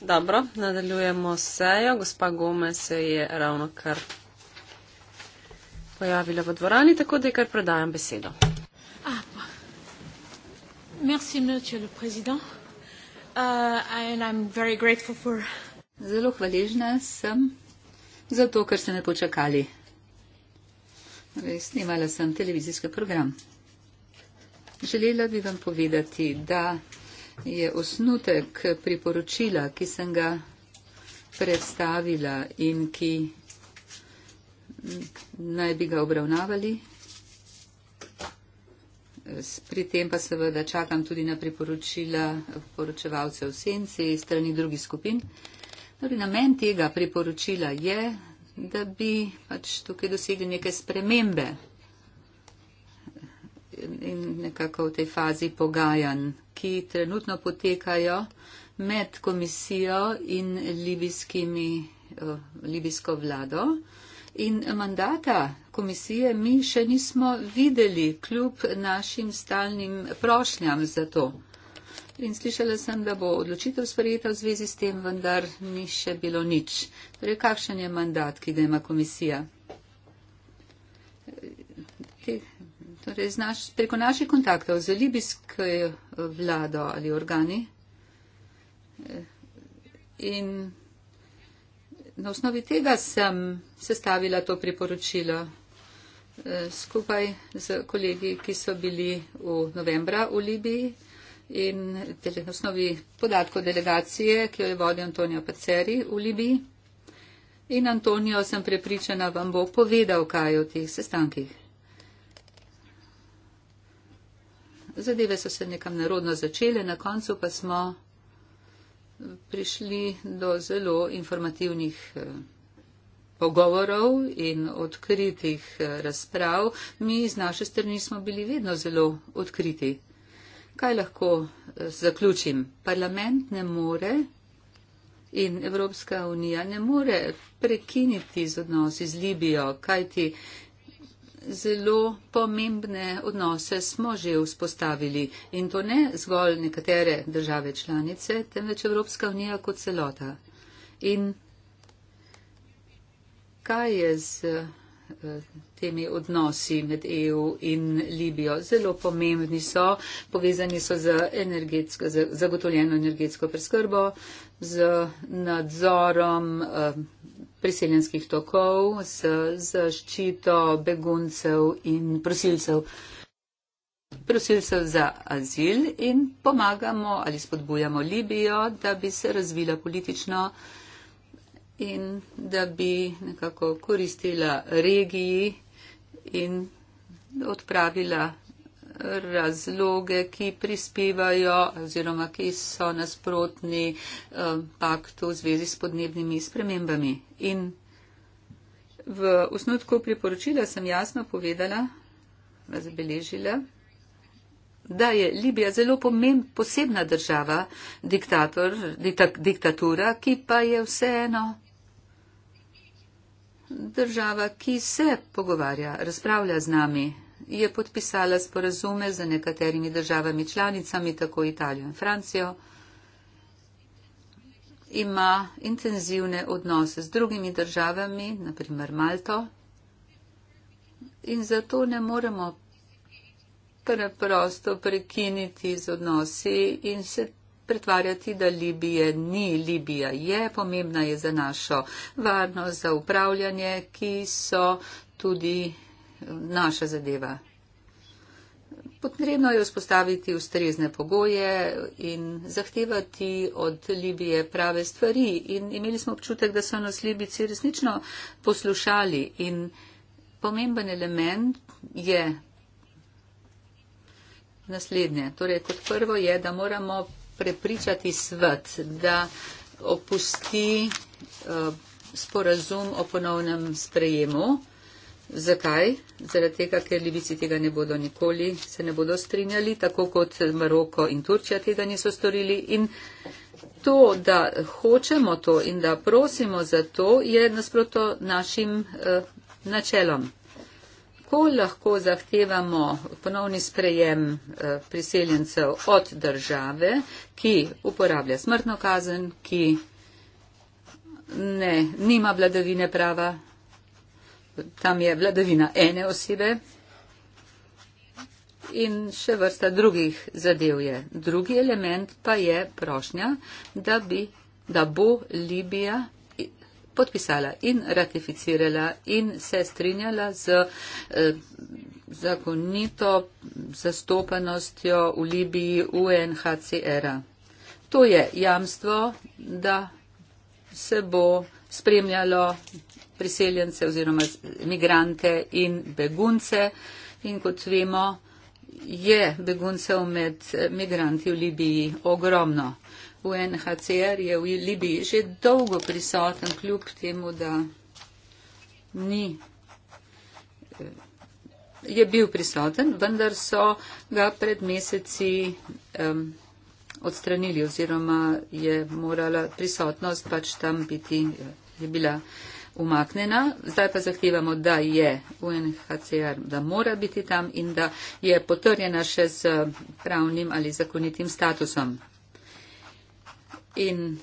Dobro, nadaljujemo sejo. Gospa Gomez se je ravno kar pojavila v dvorani, tako da je kar predajam besedo. Ah, Merci, uh, for... Zelo hvaležna sem za to, ker ste me počakali. Snemala sem televizijski program. Želela bi vam povedati, da je osnutek priporočila, ki sem ga predstavila in ki naj bi ga obravnavali. Pri tem pa seveda čakam tudi na priporočila poročevalcev v senci in strani drugih skupin. Tudi torej, namen tega priporočila je, da bi pač tukaj dosegli neke spremembe in nekako v tej fazi pogajanj, ki trenutno potekajo med komisijo in libijskimi, eh, libijsko vlado. In mandata komisije mi še nismo videli, kljub našim stalnim prošnjam za to. In slišala sem, da bo odločitev sprejeta v zvezi s tem, vendar ni še bilo nič. Torej, kakšen je mandat, ki ga ima komisija? Torej, naš, preko naših kontaktov z libijsko vlado ali organi eh, in na osnovi tega sem sestavila to priporočilo eh, skupaj z kolegi, ki so bili v novembra v Libiji in na osnovi podatkov delegacije, ki jo je vodil Antonijo Paceri v Libiji. In Antonijo sem prepričana, vam bo povedal, kaj je v teh sestankih. zadeve so se nekam narodno začele, na koncu pa smo prišli do zelo informativnih eh, pogovorov in odkritih eh, razprav. Mi z naše strani smo bili vedno zelo odkriti. Kaj lahko eh, zaključim? Parlament ne more in Evropska unija ne more prekiniti z odnosi z Libijo, kajti zelo pomembne odnose smo že vzpostavili in to ne zgolj nekatere države članice, temveč Evropska unija kot celota. In kaj je z eh, temi odnosi med EU in Libijo. Zelo pomembni so, povezani so z energetsko, z zagotovljeno energetsko preskrbo, z nadzorom eh, priseljenskih tokov z zaščito beguncev in prosilcev. Prosilcev za azil in pomagamo ali spodbujamo Libijo, da bi se razvila politično in da bi nekako koristila regiji in odpravila razloge, ki prispevajo oziroma ki so nasprotni eh, paktu v zvezi s podnebnimi spremembami. In v osnutku priporočila sem jasno povedala, razbeležila, da je Libija zelo pomemb, posebna država, diktator, ditak, diktatura, ki pa je vseeno država, ki se pogovarja, razpravlja z nami je podpisala sporazume z nekaterimi državami članicami, tako Italijo in Francijo, ima intenzivne odnose z drugimi državami, naprimer Malto, in zato ne moremo preprosto prekiniti z odnosi in se pretvarjati, da Libije ni. Libija je pomembna je za našo varnost, za upravljanje, ki so tudi naša zadeva. Potrebno je vzpostaviti ustrezne pogoje in zahtevati od Libije prave stvari. In imeli smo občutek, da so nas Libici resnično poslušali. In pomemben element je naslednje. Torej, kot prvo je, da moramo prepričati svet, da opusti uh, sporazum o ponovnem sprejemu. Zakaj? Zaradi tega, ker Libici tega ne bodo nikoli, se ne bodo strinjali, tako kot Maroko in Turčija tega niso storili. In to, da hočemo to in da prosimo za to, je nasproto našim eh, načelom. Ko lahko zahtevamo ponovni sprejem eh, priseljencev od države, ki uporablja smrtno kazen, ki ne, nima vladavine prava, tam je vladavina ene osebe in še vrsta drugih zadev je. Drugi element pa je prošnja, da, bi, da bo Libija podpisala in ratificirala in se strinjala z eh, zakonito zastopanostjo v Libiji UNHCR-a. To je jamstvo, da se bo spremljalo priseljence oziroma migrante in begunce. In kot vemo, je beguncev med migranti v Libiji ogromno. UNHCR je v Libiji že dolgo prisoten, kljub temu, da ni. Eh, je bil prisoten, vendar so ga pred meseci um, odstranili oziroma je morala prisotnost pač tam biti, eh, je bila uh, umaknjena. Zdaj pa zahtevamo, da je UNHCR, da mora biti tam in da je potrjena še z pravnim ali zakonitim statusom. In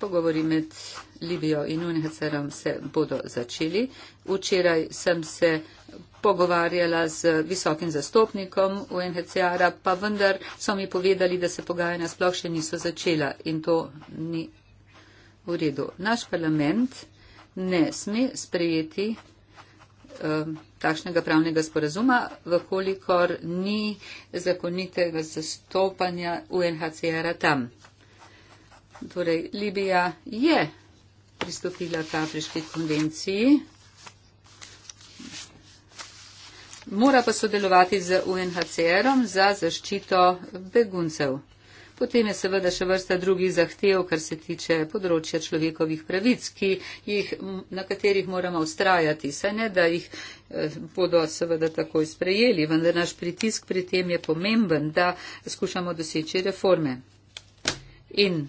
pogovori med Libijo in UNHCR-om se bodo začeli. Včeraj sem se pogovarjala z visokim zastopnikom UNHCR-a, pa vendar so mi povedali, da se pogajanja sploh še niso začela in to ni v redu. Naš parlament ne sme sprejeti eh, takšnega pravnega sporazuma, vkolikor ni zakonitega zastopanja UNHCR-a tam. Torej, Libija je pristopila k Afriški konvenciji, mora pa sodelovati z UNHCR-om za zaščito beguncev. Potem je seveda še vrsta drugih zahtev, kar se tiče področja človekovih pravic, jih, na katerih moramo ustrajati. Saj ne, da jih eh, bodo seveda takoj sprejeli, vendar naš pritisk pri tem je pomemben, da skušamo doseči reforme. In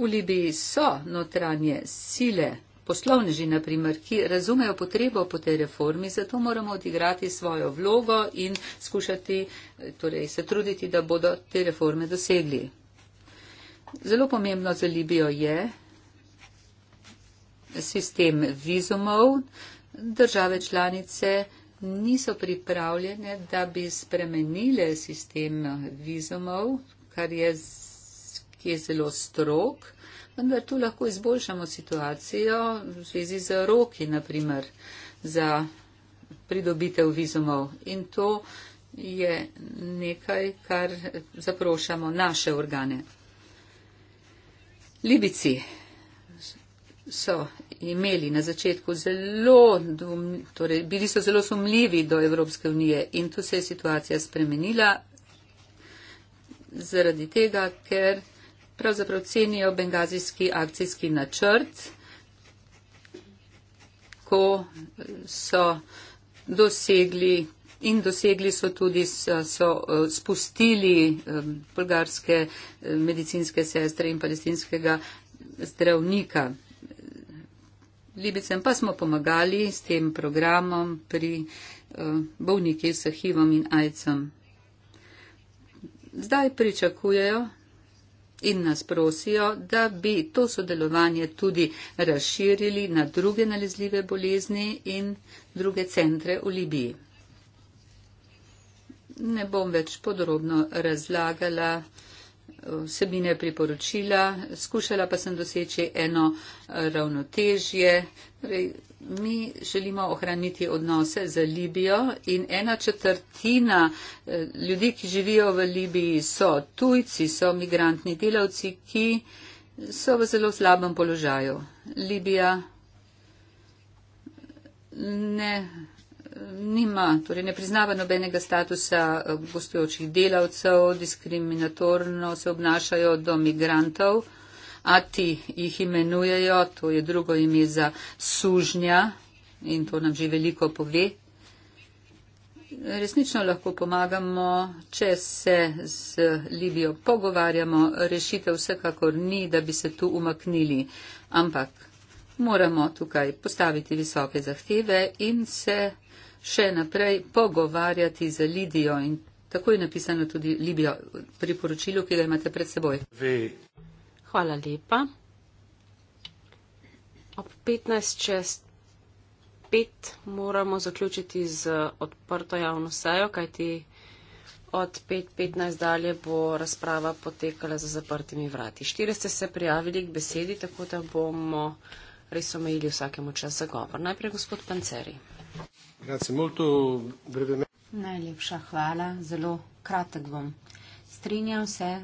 v Libiji so notranje sile. Poslovneži, na primer, ki razumejo potrebo po tej reformi, zato moramo odigrati svojo vlogo in skušati, torej se truditi, da bodo te reforme dosegli. Zelo pomembno za Libijo je sistem vizumov. Države članice niso pripravljene, da bi spremenile sistem vizumov, kar je, je zelo strok vendar tu lahko izboljšamo situacijo v zvezi z roki, naprimer, za pridobitev vizumov. In to je nekaj, kar zaprošamo naše organe. Libici so imeli na začetku zelo, torej bili so zelo sumljivi do Evropske unije in tu se je situacija spremenila zaradi tega, ker pravzaprav cenijo bengazijski akcijski načrt, ko so dosegli in dosegli so tudi, so eh, spustili eh, bolgarske eh, medicinske sestre in palestinskega zdravnika. Libicem pa smo pomagali s tem programom pri bolniki s HIV-om in AIDS-om. Zdaj pričakujejo, in nas prosijo, da bi to sodelovanje tudi razširili na druge nalezljive bolezni in druge centre v Libiji. Ne bom več podrobno razlagala vsebine priporočila, skušala pa sem doseči eno ravnotežje. Torej, mi želimo ohraniti odnose za Libijo in ena četrtina eh, ljudi, ki živijo v Libiji, so tujci, so migrantni delavci, ki so v zelo slabem položaju. Libija ne nima, torej ne priznava nobenega statusa eh, gostujočih delavcev, diskriminatorno se obnašajo do migrantov, a ti jih imenujejo, to je drugo ime za sužnja in to nam že veliko pove. Resnično lahko pomagamo, če se z Libijo pogovarjamo, rešitev vsekakor ni, da bi se tu umaknili, ampak moramo tukaj postaviti visoke zahteve in se še naprej pogovarjati z Lidijo in tako je napisano tudi Libijo priporočilo, ki ga imate pred seboj. Hvala lepa. Ob 15 čez 5 moramo zaključiti z odprto javno sejo, kajti od 5.15 dalje bo razprava potekala za zaprtimi vrati. Štiri ste se prijavili k besedi, tako da bomo res omejili vsakemu čas za govor. Najprej gospod Panceri. Najlepša hvala, zelo kratek bom. Strinjam se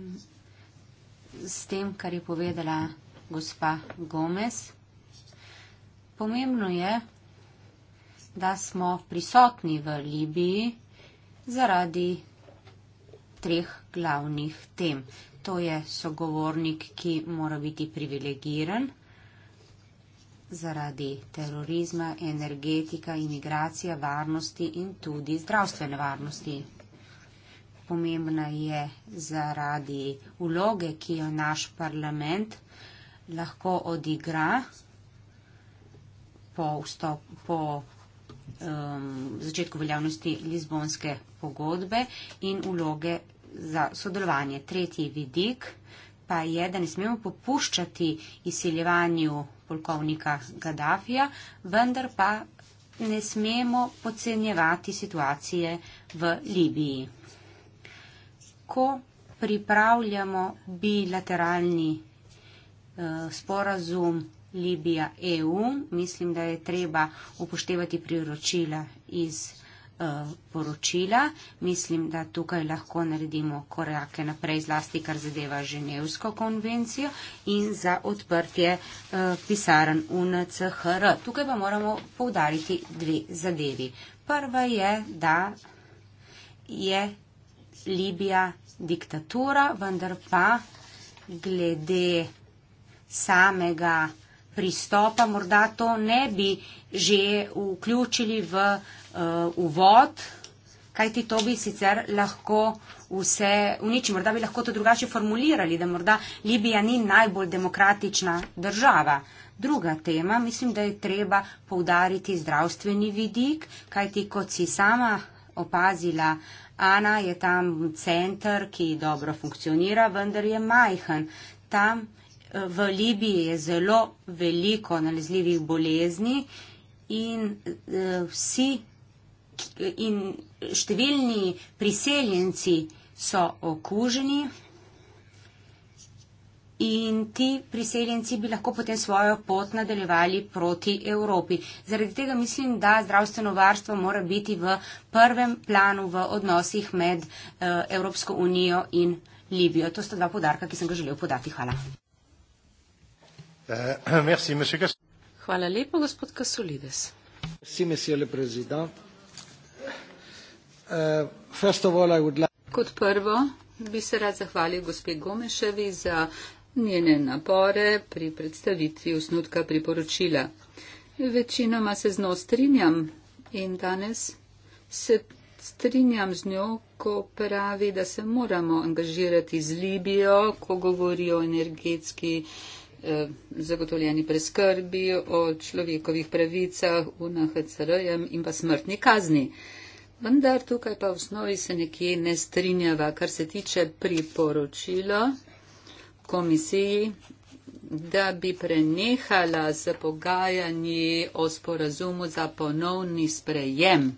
s tem, kar je povedala gospa Gomez. Pomembno je, da smo prisotni v Libiji zaradi treh glavnih tem. To je sogovornik, ki mora biti privilegiran zaradi terorizma, energetika, imigracija, varnosti in tudi zdravstvene varnosti. Pomembna je zaradi vloge, ki jo naš parlament lahko odigra po, vstop, po um, začetku veljavnosti Lizbonske pogodbe in vloge za sodelovanje. Tretji vidik pa je, da ne smemo popuščati izsiljevanju polkovnika Gaddafija, vendar pa ne smemo podcenjevati situacije v Libiji. Ko pripravljamo bilateralni eh, sporazum Libija-EU, mislim, da je treba upoštevati priročila iz Eh, poročila. Mislim, da tukaj lahko naredimo korake naprej, zlasti kar zadeva Ženevsko konvencijo in za odprtje eh, pisaran UNCHR. Tukaj pa moramo povdariti dve zadevi. Prva je, da je Libija diktatura, vendar pa glede samega pristopa morda to ne bi že vključili v eh, uvod, kaj ti to bi sicer lahko vse uničili. Morda bi lahko to drugače formulirali, da morda Libija ni najbolj demokratična država. Druga tema, mislim, da je treba povdariti zdravstveni vidik, kaj ti kot si sama opazila, Ana je tam centr, ki dobro funkcionira, vendar je majhen. Tam eh, v Libiji je zelo veliko nalezljivih bolezni, in uh, vsi in številni priseljenci so okuženi in ti priseljenci bi lahko potem svojo pot nadaljevali proti Evropi. Zaradi tega mislim, da zdravstveno varstvo mora biti v prvem planu v odnosih med uh, Evropsko unijo in Libijo. To sta dva podarka, ki sem ga želel podati. Hvala. Uh, <clears throat> merci, Hvala lepa, gospod Kasulides. Euh, Kot prvo bi se rad zahvalil gospe Gomeševi za njene napore pri predstavitvi osnutka priporočila. Večinoma se z njo strinjam in danes se strinjam z njo, ko pravi, da se moramo angažirati z Libijo, ko govori o energetski. Eh, zagotovljeni preskrbi, o človekovih pravicah, UNHCR-jem in pa smrtni kazni. Vendar tukaj pa v osnovi se nekje ne strinjava, kar se tiče priporočila komisiji, da bi prenehala z pogajanji o sporazumu za ponovni sprejem,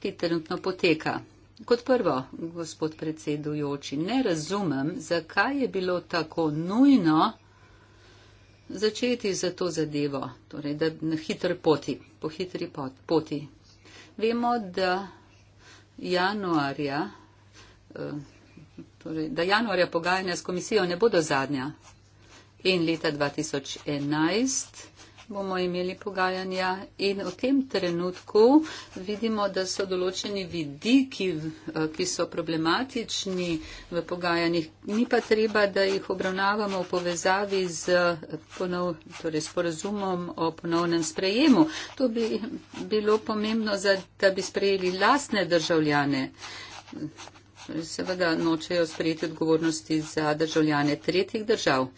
ki trenutno poteka. Kot prvo, gospod predsedujoči, ne razumem, zakaj je bilo tako nujno, začeti za to zadevo, torej da na hitri poti, po hitri poti. Vemo, da januarja, eh, torej, da januarja pogajanja s komisijo ne bodo zadnja in leta 2011 bomo imeli pogajanja in v tem trenutku vidimo, da so določeni vidiki, eh, ki so problematični v pogajanjih. Ni pa treba, da jih obravnavamo v povezavi z ponov, torej sporozumom o ponovnem sprejemu. To bi bilo pomembno, za, da bi sprejeli lastne državljane. Seveda nočejo sprejeti odgovornosti za državljane tretjih držav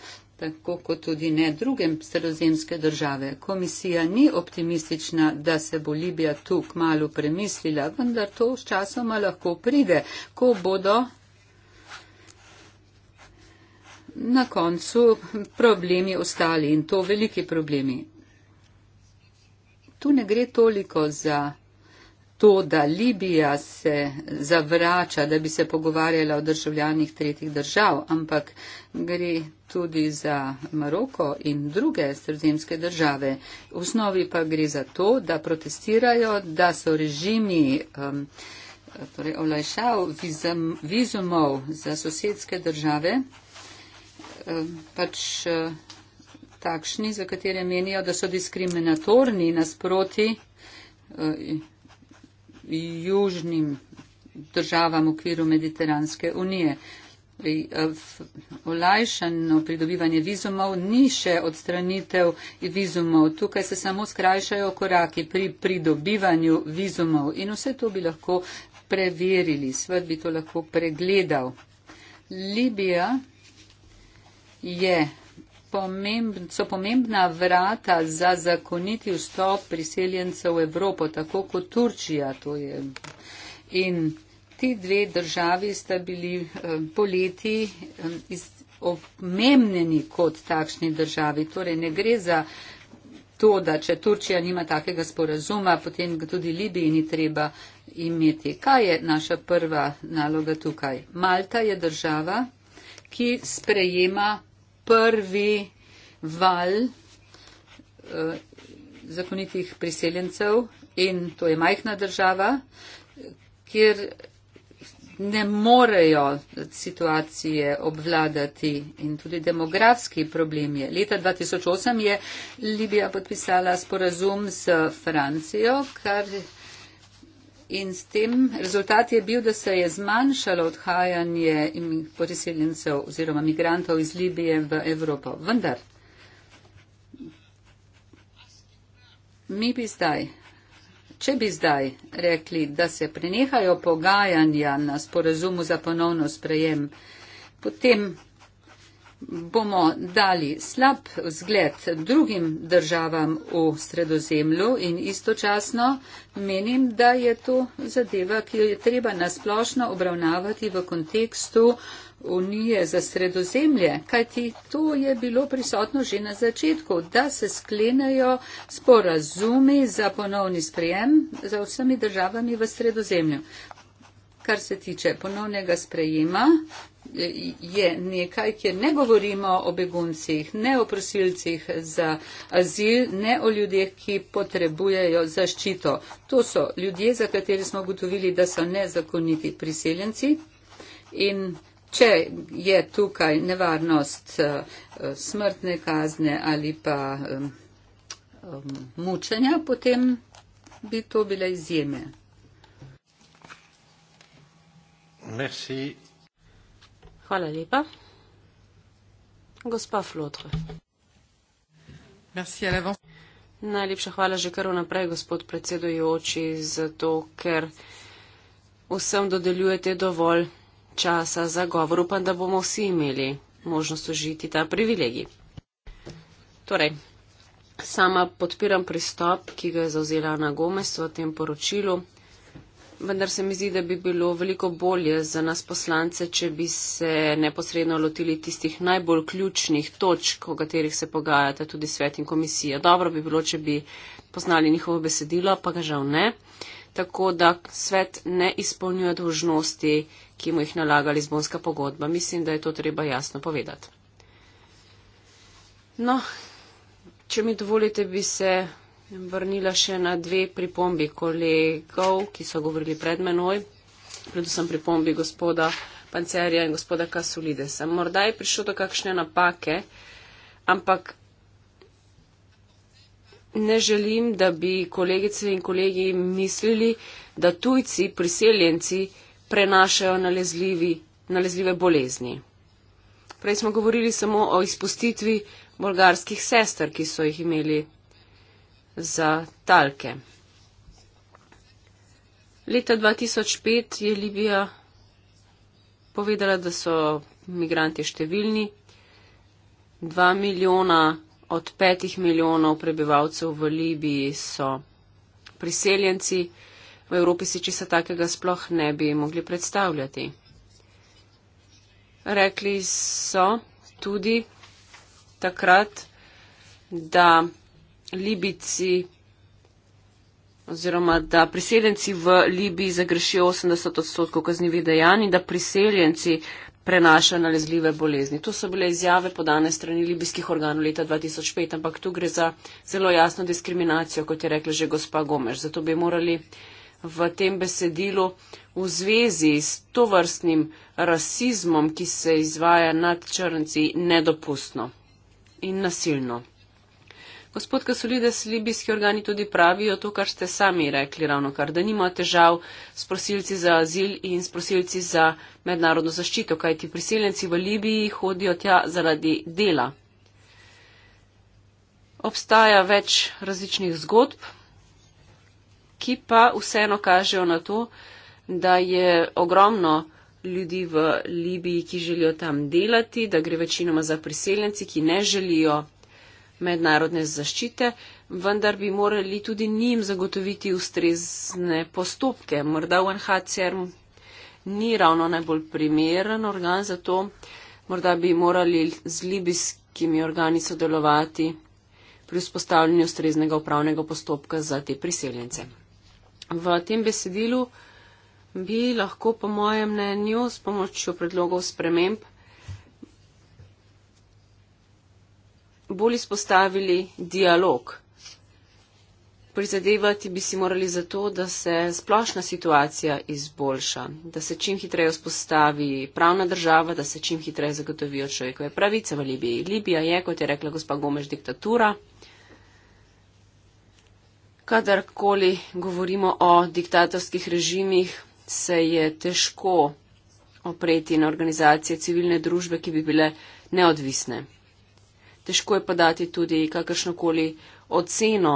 tako kot tudi ne drugem sredozemske države. Komisija ni optimistična, da se bo Libija tu kmalo premislila, vendar to s časoma lahko pride, ko bodo na koncu problemi ostali in to veliki problemi. Tu ne gre toliko za to, da Libija se zavrača, da bi se pogovarjala o državljanih tretjih držav, ampak gre tudi za Maroko in druge sredzemske države. V osnovi pa gre za to, da protestirajo, da so režimi um, torej olajšav vizum, vizumov za sosedske države. Um, pač, uh, takšni, za katere menijo, da so diskriminatorni nasproti uh, južnim državam v okviru Mediteranske unije. Eh, olajšano pridobivanje vizumov ni še odstranitev vizumov. Tukaj se samo skrajšajo koraki pri pridobivanju vizumov in vse to bi lahko preverili, svet bi to lahko pregledal. Libija je pomembn, so pomembna vrata za zakoniti vstop priseljencev v Evropo, tako kot Turčija. In ti dve državi sta bili eh, poleti eh, omemljeni kot takšni državi. Torej ne gre za to, da če Turčija nima takega sporazuma, potem ga tudi Libiji ni treba imeti. Kaj je naša prva naloga tukaj? Malta je država, ki sprejema prvi val uh, zakonitih priseljencev in to je majhna država, kjer ne morejo situacije obvladati in tudi demografski problem je. Leta 2008 je Libija podpisala sporazum s Francijo, kar in s tem rezultat je bil, da se je zmanjšalo odhajanje poteseljencev oziroma migrantov iz Libije v Evropo. Vendar, mi bi zdaj, če bi zdaj rekli, da se prenehajo pogajanja na sporezumu za ponovno sprejem, potem bomo dali slab zgled drugim državam v sredozemlju in istočasno menim, da je to zadeva, ki jo je treba nasplošno obravnavati v kontekstu Unije za sredozemlje, kajti to je bilo prisotno že na začetku, da se sklenajo sporazumi za ponovni sprejem za vsemi državami v sredozemlju. Kar se tiče ponovnega sprejema, je nekaj, kjer ne govorimo o beguncih, ne o prosilcih za azil, ne o ljudeh, ki potrebujejo zaščito. To so ljudje, za kateri smo gotovili, da so nezakoniti priseljenci. In če je tukaj nevarnost eh, smrtne kazne ali pa mučenja, potem bi to bile izjeme. Merci. Hvala lepa. Gospa Flotre. Najlepša hvala že kar vnaprej, gospod predsedojoči, zato ker vsem dodeljujete dovolj časa za govor. Upam, da bomo vsi imeli možnost užiti ta privilegij. Torej, sama podpiram pristop, ki ga je zauzela Ana Gomez v tem poročilu vendar se mi zdi, da bi bilo veliko bolje za nas poslance, če bi se neposredno lotili tistih najbolj ključnih točk, o katerih se pogajate tudi svet in komisija. Dobro bi bilo, če bi poznali njihovo besedilo, pa ga žal ne. Tako da svet ne izpolnjuje dolžnosti, ki mu jih nalaga Lizbonska pogodba. Mislim, da je to treba jasno povedati. No, če mi dovolite, bi se vrnila še na dve pripombi kolegov, ki so govorili pred menoj, predvsem pripombi gospoda Pancerja in gospoda Kasulidesa. Morda je prišlo do kakšne napake, ampak ne želim, da bi kolegice in kolegi mislili, da tujci, priseljenci prenašajo nalezljive bolezni. Prej smo govorili samo o izpustitvi bolgarskih sester, ki so jih imeli za talke. Leta 2005 je Libija povedala, da so migranti številni. Dva milijona od petih milijonov prebivalcev v Libiji so priseljenci. V Evropi si česa takega sploh ne bi mogli predstavljati. Rekli so tudi takrat, da Libici oziroma da priseljenci v Libiji zagrešijo 80 odstotkov kaznjivih dejanj in da priseljenci prenašajo nalezljive bolezni. To so bile izjave podane strani libijskih organov leta 2005, ampak tu gre za zelo jasno diskriminacijo, kot je rekla že gospa Gomeš. Zato bi morali v tem besedilu v zvezi s tovrstnim rasizmom, ki se izvaja nad črnci, nedopustno in nasilno. Gospod Kasulides, libijski organi tudi pravijo to, kar ste sami rekli ravno kar, da nima težav s prosilci za azil in s prosilci za mednarodno zaščito, kajti priseljenci v Libiji hodijo tja zaradi dela. Obstaja več različnih zgodb, ki pa vseeno kažejo na to, da je ogromno ljudi v Libiji, ki želijo tam delati, da gre večinoma za priseljenci, ki ne želijo mednarodne zaščite, vendar bi morali tudi njim zagotoviti ustrezne postopke. Morda UNHCR ni ravno najbolj primeren organ za to, morda bi morali z libijskimi organi sodelovati pri vzpostavljanju ustreznega upravnega postopka za te priseljence. V tem besedilu bi lahko, po mojem mnenju, s pomočjo predlogov sprememb bolj izpostavili dialog. Prizadevati bi si morali za to, da se splošna situacija izboljša, da se čim hitreje vzpostavi pravna država, da se čim hitreje zagotovijo človekove pravice v Libiji. Libija je, kot je rekla gospa Gomeš, diktatura. Kadarkoli govorimo o diktatorskih režimih, se je težko opreti na organizacije civilne družbe, ki bi bile neodvisne težko je pa dati tudi kakršnokoli oceno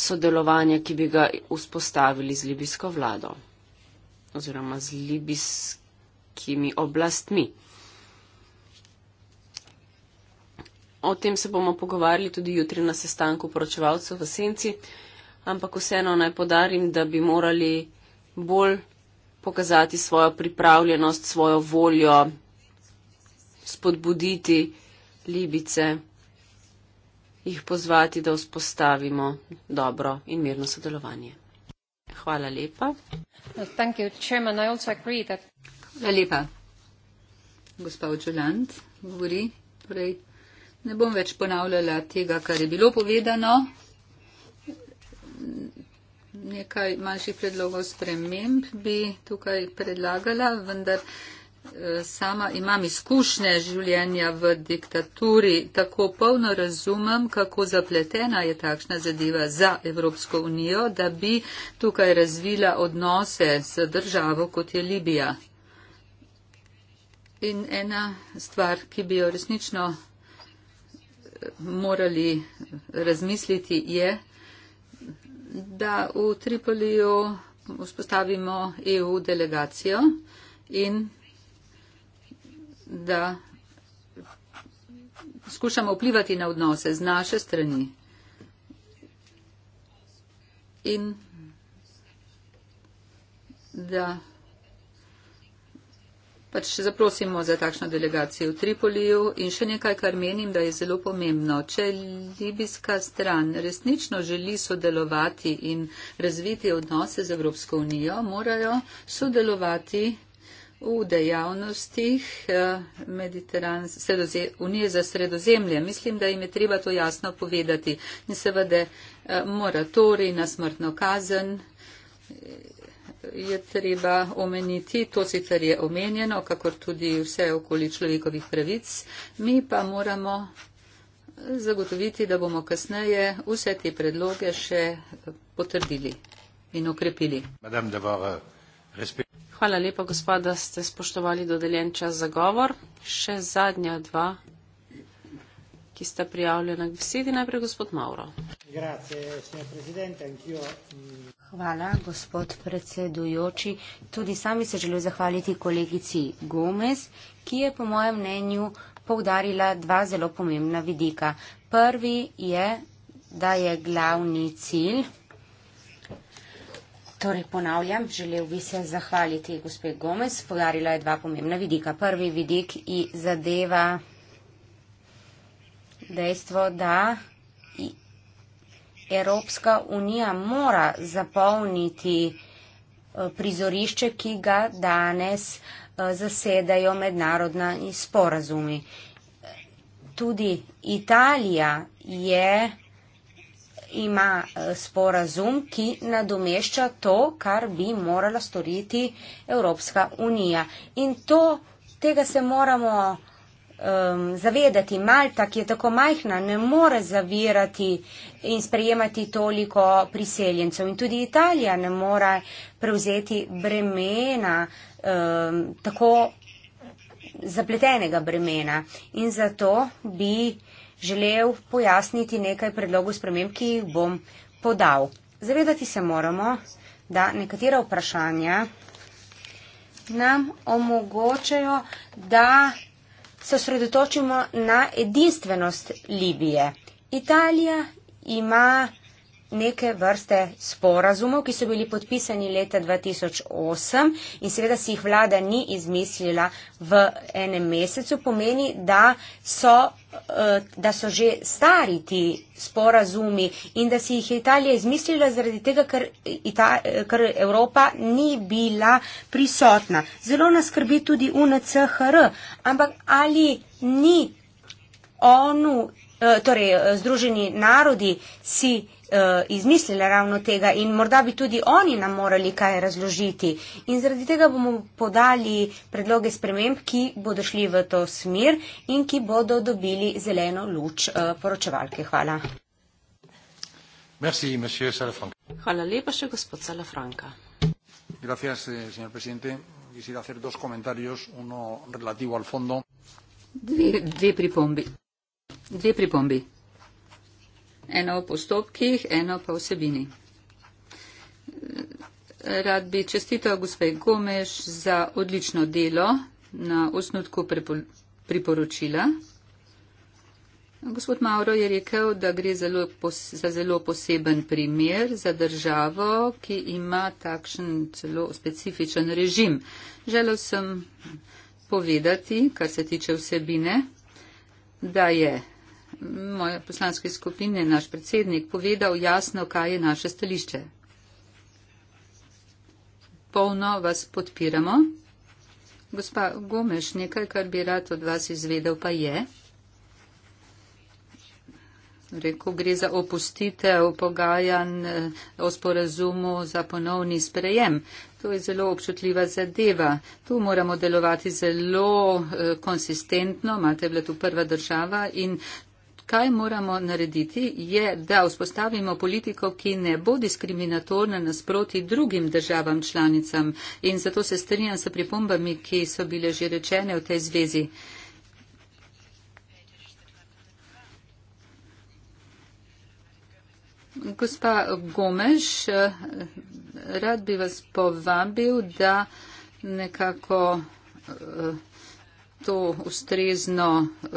sodelovanja, ki bi ga vzpostavili z libijsko vlado oziroma z libijskimi oblastmi. O tem se bomo pogovarjali tudi jutri na sestanku poročevalcev v Senci, ampak vseeno naj podarim, da bi morali bolj pokazati svojo pripravljenost, svojo voljo, spodbuditi Libice jih pozvati, da vzpostavimo dobro in mirno sodelovanje. Hvala lepa. Thank you, Chairman. I also agree that... Hvala lepa. Gospa Očolant govori. Prej. Ne bom več ponavljala tega, kar je bilo povedano. Nekaj manjših predlogov sprememb bi tukaj predlagala, vendar. Sama imam izkušnje življenja v diktaturi, tako polno razumem, kako zapletena je takšna zadeva za Evropsko unijo, da bi tukaj razvila odnose z državo, kot je Libija. In ena stvar, ki bi jo resnično eh, morali razmisliti, je, da v Tripoliju vzpostavimo EU delegacijo in da skušamo vplivati na odnose z naše strani. In da pač zaprosimo za takšno delegacijo v Tripoliju. In še nekaj, kar menim, da je zelo pomembno. Če libijska stran resnično želi sodelovati in razviti odnose z Evropsko unijo, morajo sodelovati v dejavnostih eh, Unije za sredozemlje. Mislim, da jim je treba to jasno povedati. In seveda eh, moratori na smrtno kazen eh, je treba omeniti, to sicer je omenjeno, kakor tudi vse okoli človekovih pravic. Mi pa moramo zagotoviti, da bomo kasneje vse te predloge še potrdili in okrepili. Hvala lepa, gospod, da ste spoštovali dodeljen čas za govor. Še zadnja dva, ki sta prijavljena k besedi. Najprej gospod Mauro. Mm. Hvala, gospod predsedujoči. Tudi sami se želim zahvaliti kolegici Gomez, ki je po mojem mnenju poudarila dva zelo pomembna vidika. Prvi je, da je glavni cilj Torej ponavljam, želel bi se zahvaliti gospe Gomez. Podarila je dva pomembna vidika. Prvi vidik je zadeva dejstvo, da Evropska unija mora zapolniti e, prizorišče, ki ga danes e, zasedajo mednarodna sporazumi. Tudi Italija je ima eh, sporazum, ki nadomešča to, kar bi morala storiti Evropska unija. In to, tega se moramo um, zavedati. Malta, ki je tako majhna, ne more zavirati in sprejemati toliko priseljencev. In tudi Italija ne more prevzeti bremena um, tako zapletenega bremena. In zato bi želel pojasniti nekaj predlogov sprememb, ki jih bom podal. Zavedati se moramo, da nekatera vprašanja nam omogočajo, da se osredotočimo na edinstvenost Libije. Italija ima neke vrste sporazumov, ki so bili podpisani leta 2008 in seveda si jih vlada ni izmislila v enem mesecu, pomeni, da so, eh, da so že stari ti sporazumi in da si jih je Italija izmislila zaradi tega, ker, Ita ker Evropa ni bila prisotna. Zelo nas skrbi tudi UNCHR, ampak ali ni onu, eh, torej eh, Združeni narodi si izmislila, Eh, izmislile ravno tega in morda bi tudi oni nam morali kaj razložiti. In zaradi tega bomo podali predloge sprememb, ki bodo šli v to smer in ki bodo dobili zeleno luč eh, poročevalke. Hvala. Merci, Hvala lepa še gospod Salafranka. Eh, dve, dve pripombi. Dve pripombi eno o postopkih, eno pa vsebini. Rad bi čestital gospe Gomeš za odlično delo na osnutku priporočila. Gospod Mauro je rekel, da gre zelo za zelo poseben primer za državo, ki ima takšen celo specifičen režim. Želel sem povedati, kar se tiče vsebine, da je moje poslanske skupine, naš predsednik, povedal jasno, kaj je naše stališče. Polno vas podpiramo. Gospa Gomeš, nekaj, kar bi rad od vas izvedel, pa je. Reko gre za opustitev pogajanj eh, o sporazumu za ponovni sprejem. To je zelo občutljiva zadeva. Tu moramo delovati zelo eh, konsistentno. Mate je bila tu prva država in kaj moramo narediti, je, da vzpostavimo politiko, ki ne bo diskriminatorna nasproti drugim državam članicam. In zato se strinjam s pripombami, ki so bile že rečene v tej zvezi. Gospa Gomeš, rad bi vas povabil, da nekako. Uh, to ustrezno eh,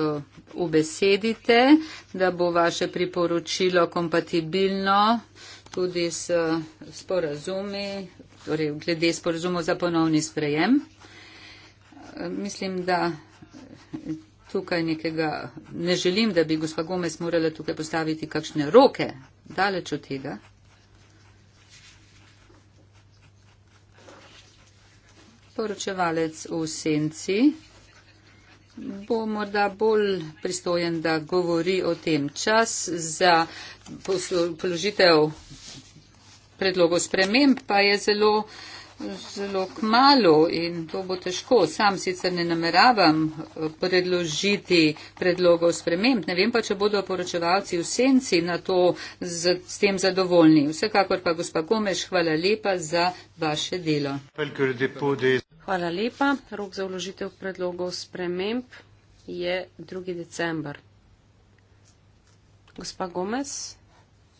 ubesedite, da bo vaše priporočilo kompatibilno tudi s sporazumi, torej glede sporazumov za ponovni sprejem. Eh, mislim, da tukaj nekega, ne želim, da bi gospa Gomez morala tukaj postaviti kakšne roke, daleč od tega. Poročevalec v senci bo morda bolj pristojen, da govori o tem čas za položitev predlogov sprememb, pa je zelo, zelo k malu in to bo težko. Sam sicer ne nameravam eh, predložiti predlogov sprememb, ne vem pa, če bodo poročevalci v senci na to z, s tem zadovoljni. Vsekakor pa, gospa Gomeš, hvala lepa za vaše delo. Hvala lepa. Rok za vložitev predlogov sprememb je 2. december. Gospa Gomez,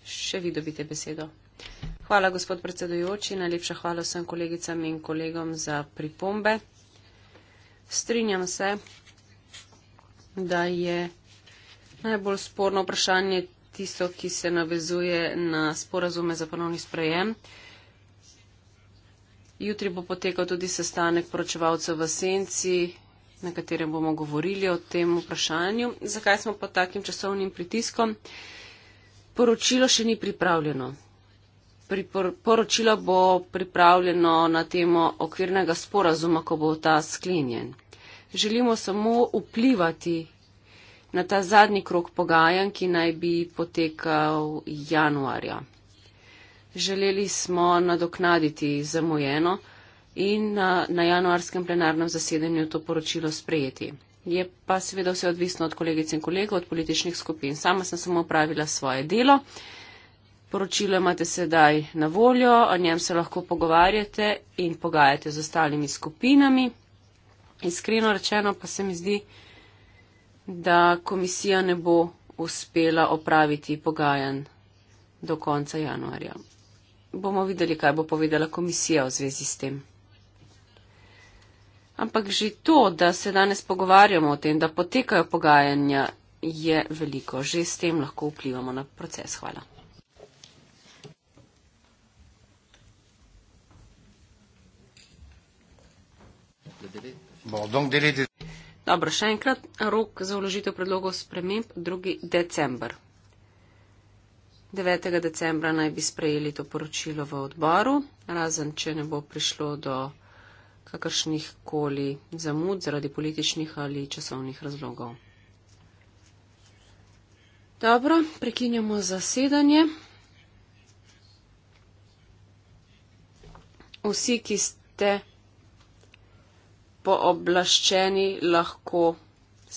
še vi dobite besedo. Hvala, gospod predsedujoči. Najlepša hvala vsem kolegicam in kolegom za pripombe. Strinjam se, da je najbolj sporno vprašanje tisto, ki se navezuje na sporazume za ponovni sprejem. Uh, Jutri bo potekal tudi sestanek poročevalcev v Senci, na katerem bomo govorili o tem vprašanju, zakaj smo pod takim časovnim pritiskom. Poročilo še ni pripravljeno. Pripor, poročilo bo pripravljeno na temo okvirnega sporazuma, ko bo ta sklenjen. Želimo samo vplivati na ta zadnji krok pogajanj, ki naj bi potekal januarja. Želeli smo nadoknaditi zamujeno in na, na januarskem plenarnem zasedanju to poročilo sprejeti. Je pa seveda vse odvisno od kolegic in kolegov, od političnih skupin. Sama sem samo upravila svoje delo. Poročilo imate sedaj na voljo, o njem se lahko pogovarjate in pogajate z ostalimi skupinami. Iskreno rečeno pa se mi zdi, da komisija ne bo uspela opraviti pogajanj do konca januarja bomo videli, kaj bo povedala komisija v zvezi s tem. Ampak že to, da se danes pogovarjamo o tem, da potekajo pogajanja, je veliko. Že s tem lahko vplivamo na proces. Hvala. Dobro, še enkrat rok za vložitev predlogov sprememb 2. december. 9. decembra naj bi sprejeli to poročilo v odboru, razen če ne bo prišlo do kakršnih koli zamud zaradi političnih ali časovnih razlogov. Dobro, prekinjamo zasedanje. Vsi, ki ste pooblaščeni, lahko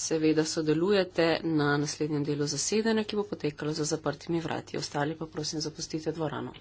seveda sodelujete na naslednjem delu zasedanja, ki bo potekalo za zaprtimi vrati. Ostali pa prosim zapustite dvorano.